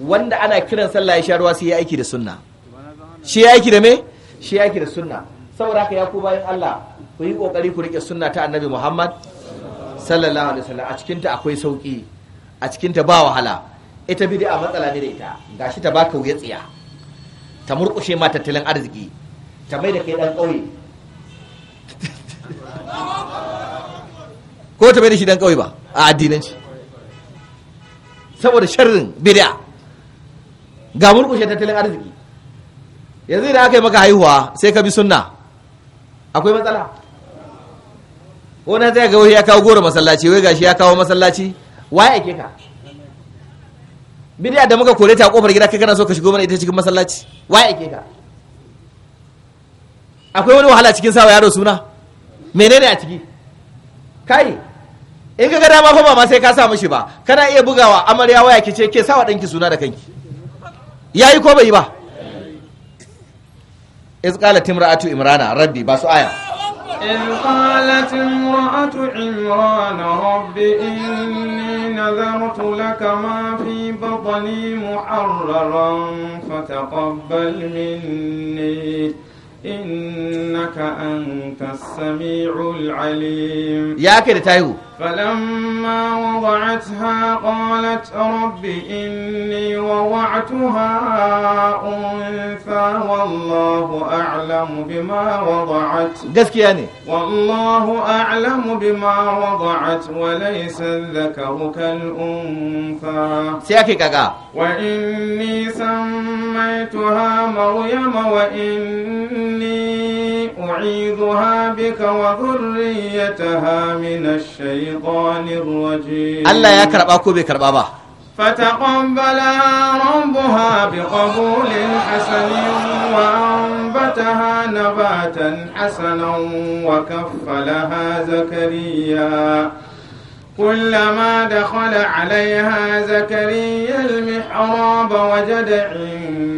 Speaker 2: wanda ana kiran sallah ya sha ruwa sai ya aiki da sunna shi ya aiki da me shi ya aiki da sunna saboda haka ya ku bayan Allah ku yi kokari ku rike sunna ta annabi Muhammad sallallahu alaihi wasallam a cikin ta akwai sauki a cikin ta ba wahala ita bid'a matsala ne da ita gashi ta baka wuya tsiya ta murkushe ma tattalin arziki ta mai da kai dan kauye ko ta mai da shi dan kauye ba a addinanci saboda sharrin bid'a ga murkushe tattalin arziki yanzu da aka yi maka haihuwa sai ka bi sunna akwai matsala wani zai ga wani ya kawo goro masallaci wai gashi ya kawo masallaci waye ake ka bidiya da muka kore ta kofar gida kai kana so ka shigo mana ita cikin masallaci waye ake ka akwai wani wahala cikin sawa yaro suna menene a ciki kai in ka ga dama fa ba ma sai ka sa mishi ba kana iya bugawa amarya waya kice ke sawa danki suna da kanki yayi ko bai ba Isqa'il Timro a tuƙin Rana Rabi, ba su aya.
Speaker 1: Isqa'il Timro a tuƙin Rana Hobi, in ni fi baƙoni mu carra ran fata kwabal min ni naka anka Samiculcalimu. Ya kai da tahihu. فلما وضعتها قالت رب إني وضعتها أنثى والله أعلم بما وضعت يعني والله أعلم بما وضعت وليس الذكر كالأنثى وإني سميتها مريم وإني أعيذها بك وذريتها من الشيطان الرجيم الله يا كرب
Speaker 2: أكو بكرب أبا
Speaker 1: فتقبلها ربها بقبول حسن وأنبتها نباتا حسنا وكفلها زكريا كلما دخل عليها زكريا المحراب وجد عند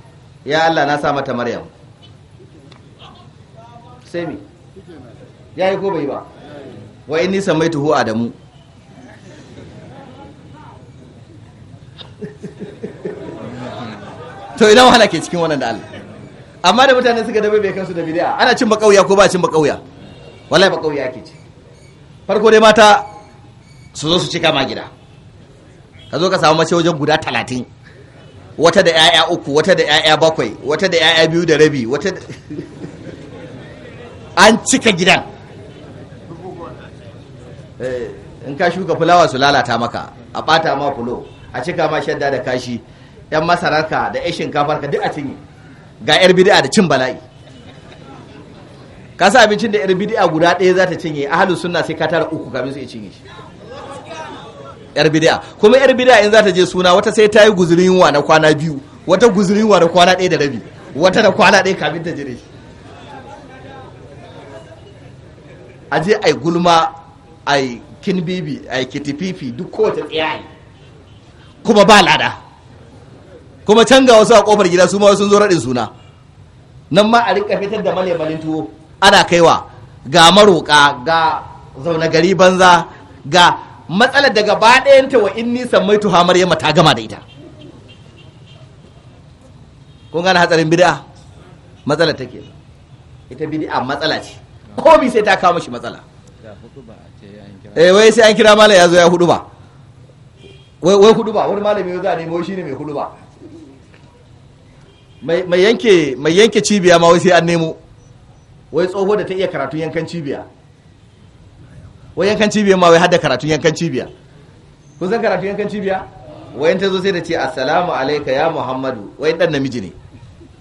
Speaker 2: ya Allah na sa mata maryam sai mi yi ko bai ba wa inni samaituhu adamu to ina wahala ke cikin wannan da Allah amma da mutane suka dabe bai kansu da bidiya ana cin bakauya ko ba cin bakauya wallahi bakauya ke ci farko dai mata su zo su ci kama gida ka zo ka samu mace wajen guda talatin wata da 'ya'ya uku wata da 'ya'ya bakwai wata da 'ya'ya biyu da rabi wata da an cika gidan eh, in ka shuka fulawa su lalata maka a bata ma fulo a cika ma shadda da kashi yan masararka da yan shinkafarka duk a cinye ga yar bid'a da cin bala'i ka sa abincin da yar bid'a guda ɗaya za ta cinye ahlus sunna sai ka tara uku kamin su ya cinye shi yar bid'a kuma yar bid'a in za ta je suna wata sai ta yi guzurin yunwa na kwana biyu wata guzurin yunwa na kwana ɗaya da rabi wata da kwana ɗaya kafin ta jire a je a yi gulma a yi kin bibi a yi kitififi duk kowace tsiyayi kuma ba lada kuma can ga wasu a kofar gida su ma sun zo raɗin suna nan ma a rika fitar da male malin tuwo ana kaiwa ga maroka ga zaune gari banza ga matsalar daga ba ɗayanta wa inni mai tuha maryama ta gama da ita kun gane hatsarin bid'a matsalar take ita bid'a matsala ce komi sai ta kawo shi matsala eh wai sai an kira malam ya zo ya hudu ba wai hudu ba wani malami za a nemo shi ne mai hudu ba mai yanke cibiya ma wai sai an nemo wai tsoho da ta iya karatu yankan cibiya wai yankan cibiya ma wai hada karatun yankan cibiya kun san karatun yankan cibiya wai ta zo sai da ce assalamu alaika ya muhammadu wai dan namiji ne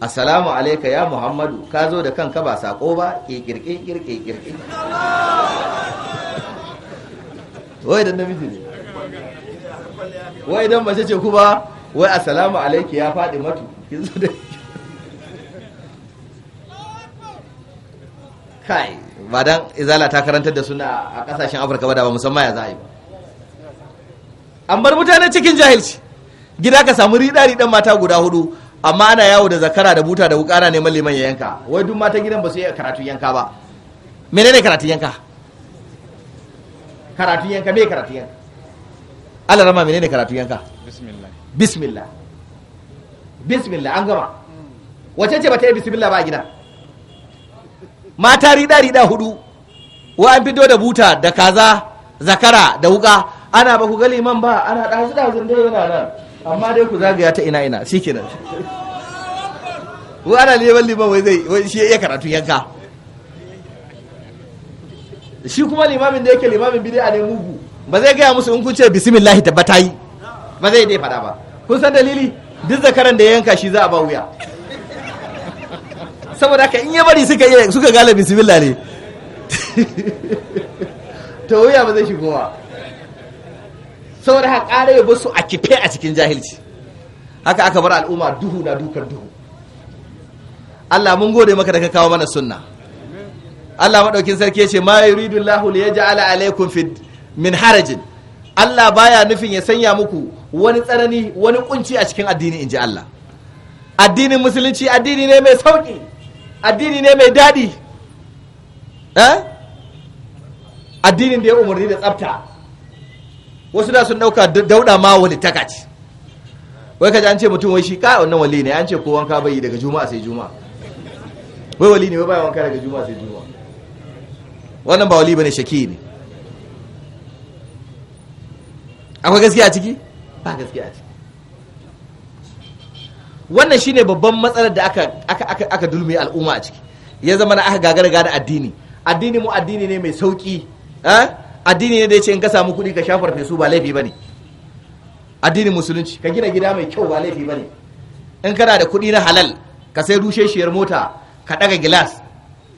Speaker 2: assalamu alaika ya muhammadu ka zo da kanka ba sako ba kirke kirke wai dan namiji ne wai dan mace ce ba wai assalamu alaiki ya faɗi matu kin zo da kai ba dan izala ta karantar da suna a kasashen afirka ba da ba musamman ya za a yi ba an bar mutane cikin jahilci gida ka samu riɗari ɗan mata guda hudu amma ana yawo da zakara da buta da wukana ne liman ya yanka wai duk matan gidan ba su yi karatu yanka ba menene karatu yanka karatu yanka me karatu yanka Allah rama menene karatu yanka bismillah bismillah bismillah an gama wace ce ba ta yi bismillah ba a gida. mata rida rida hudu wa an fito da buta da kaza zakara da wuka ana ba ku ga liman ba ana da ɗazun dai yana nan amma dai ku zagaya ta ina ina shi wa ana liman liman wai zai wai shi ya karatu yanka shi kuma limamin da yake limamin a ne mugu ba zai gaya musu in kun ce bismillahi tabbata yi ba zai dai faɗa ba kun san dalili duk zakaran da ya yanka shi za a ba wuya saboda haka in ya bari suka iya suka gane bismillah ne to wuya ba zai shigo ba saboda haka ƙara ya basu a kife a cikin jahilci haka aka bar al'umma duhu na dukan duhu Allah mun gode maka da ka kawo mana sunna Allah madaukin sarki ce ma yuridu Allahu li yaj'ala alaykum fi min harajin Allah baya nufin ya sanya muku wani tsanani wani kunci a cikin addini inji Allah addinin musulunci addini ne mai sauki addini ne mai daɗi eh? addinin da ya umarni da tsafta wasu da sun ɗauka dauɗa ma wani takaci wai kaji an ce mutum wai shi ka wannan wali ne an ce ko wanka bai yi daga juma'a sai juma'a wai wali ne wai bai wanka daga juma'a sai juma'a wannan ba wali bane shaki ne akwai gaskiya a ciki ba gaskiya a ciki wannan shi ne babban matsalar da aka aka aka, dulmi al'umma a ciki ya zama na aka gagara gada addini addini mu addini ne mai sauki addini ne da ya ce in ka samu kuɗi ka shafar fesu ba laifi bane Addini musulunci ka gina gida mai kyau ba laifi bane in kana da kuɗi na halal ka sai shiyar mota ka daga gilas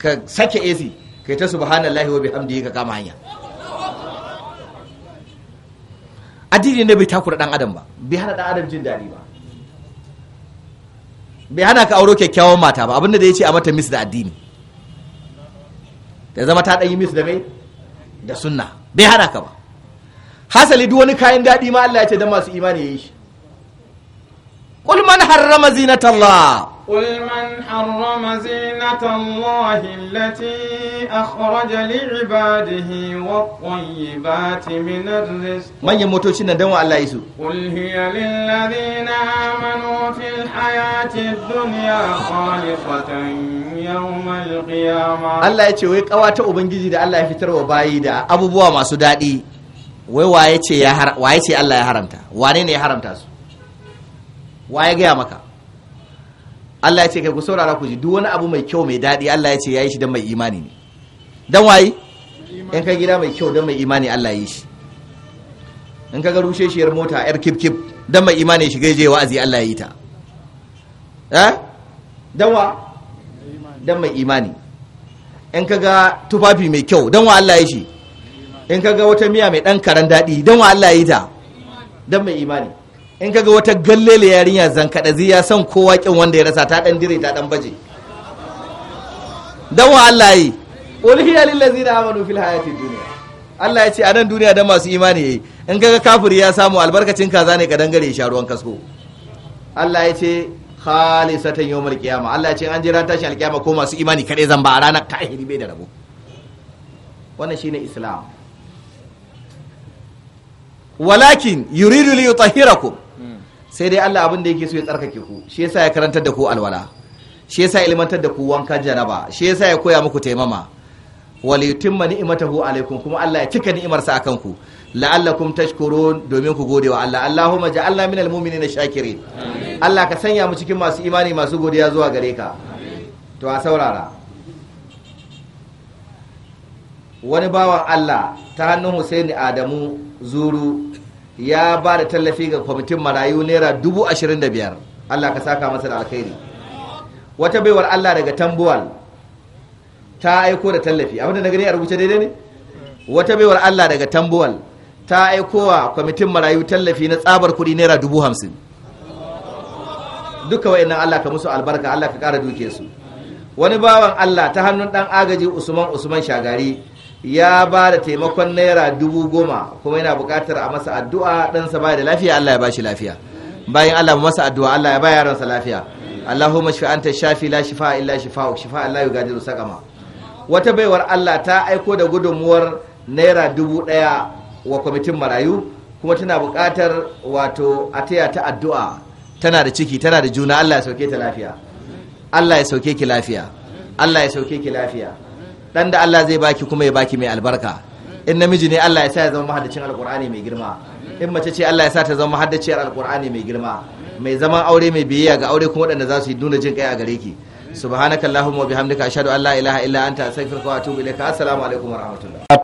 Speaker 2: ka sake AC kai ta subhanallahi wa bihamdihi ka kama hanya addini ne bai takura dan adam ba bai hana dan adam jin daɗi ba bai hana ka auro kyakkyawan mata ba abinda da ya ce a mata misu da addini da zama ta ɗanyi misu da mai da sunna bai hana ka ba hasali duk wani kayan daɗi ma Allah ya ce don masu imani ya yi shi Kulman harrama zinatallah
Speaker 1: قل من حرم زينة الله التي أخرج لعباده والطيبات من الرزق
Speaker 2: من شنا ندوى على يسوع
Speaker 1: قل هي للذين آمنوا في الحياة الدنيا خالصة يوم القيامة الله
Speaker 2: يتوي قواتا أبنجي دا الله يفتر وبايدا أبو بوا ما سدادي wai يا ce Allah الله haramta wane ne ya haramta su waye gaya maka Allah ya ce kai ku saurara ku ji duk wani abu mai kyau mai daɗi Allah ya ce ya yi shi don mai imani ne don waye in ka gida mai kyau don mai imani Allah ya yi shi in ka ga rushe shiyar mota yar kif kif don mai imani shiga je wa'azi Allah ya yi ta eh don wa don mai imani in ka ga tufafi mai kyau don wa Allah ya yi shi in ka ga wata miya mai ɗan karan daɗi don wa Allah ya yi ta don mai imani in kaga wata gallele yarinya zankaɗazi ya san kowa kin wanda ya rasa ta ɗan dire ta ɗan baje dan wa Allah yi ulhiya lil ladzina amanu fil hayati dunya Allah ya ce a nan duniya dan masu imani yayi in kaga kafiri ya samu albarkacin kaza ne ka dangare ya sha ruwan kasko Allah ya ce khalisatan yawmal qiyama Allah ya ce an jira tashin alkiyama ko masu imani kare zan ba a ranar ahiri bai da rabo wannan shine islam walakin yuridu li yutahhirakum sai dai Allah abin da yake so ya tsarkake ku shi yasa ya karantar da ku alwala shi yasa ya ilmantar da ku wankan janaba shi yasa ya koya muku taimama wali yutimma ni'matahu alaikum kuma Allah ya cika ni'imarsa akan ku la'allakum tashkurun domin ku gode wa Allah Allahumma ja'alna minal mu'minina shakirin Allah ka sanya mu cikin masu imani masu godiya zuwa gare ka to a saurara wani bawan Allah ta hannun Husaini Adamu Zuru ya ba da tallafi ga kwamitin marayu naira dubu ashirin da biyar allah ka saka masa da alkhairi wata baiwar allah daga tambuwal ta aiko da tallafi abinda na gani a rubuce daidai ne wata baiwar allah daga tambuwal ta aiko wa kwamitin marayu tallafi na tsabar kuɗi naira dubu hamsin duka wa'in allah ka musu albarka allah ka ƙara duke su wani bawan allah ta hannun ɗan agaji usman usman shagari ya ba da taimakon naira dubu goma kuma yana buƙatar a masa addu'a ɗansa ba da lafiya Allah ya ba shi lafiya bayan Allah ba masa addu'a Allah ya ba yaransa lafiya Allahumma shfi anta shafi la shifa illa shifa shifa Allah yugadiru saqama wata baiwar Allah ta aiko da gudunmuwar naira dubu ɗaya wa kwamitin marayu kuma tana buƙatar wato a ta addu'a tana da ciki tana da juna Allah ya sauke ta lafiya Allah ya sauke ki lafiya Allah ya sauke ki lafiya dan da Allah zai baki kuma ya baki mai albarka in namiji ne Allah ya sa ya zama mahaddacin alkur'ani mai girma in mace ce Allah ya sa ta zama mahaddaciyar alkur'ani mai girma mai zaman aure mai biyayya ga aure kuma waɗanda za su yi nuna jin kai a gare ki subhanakallahumma wa bihamdika ashhadu an la ilaha illa anta astaghfiruka wa atubu ilaika assalamu alaikum wa
Speaker 1: rahmatullah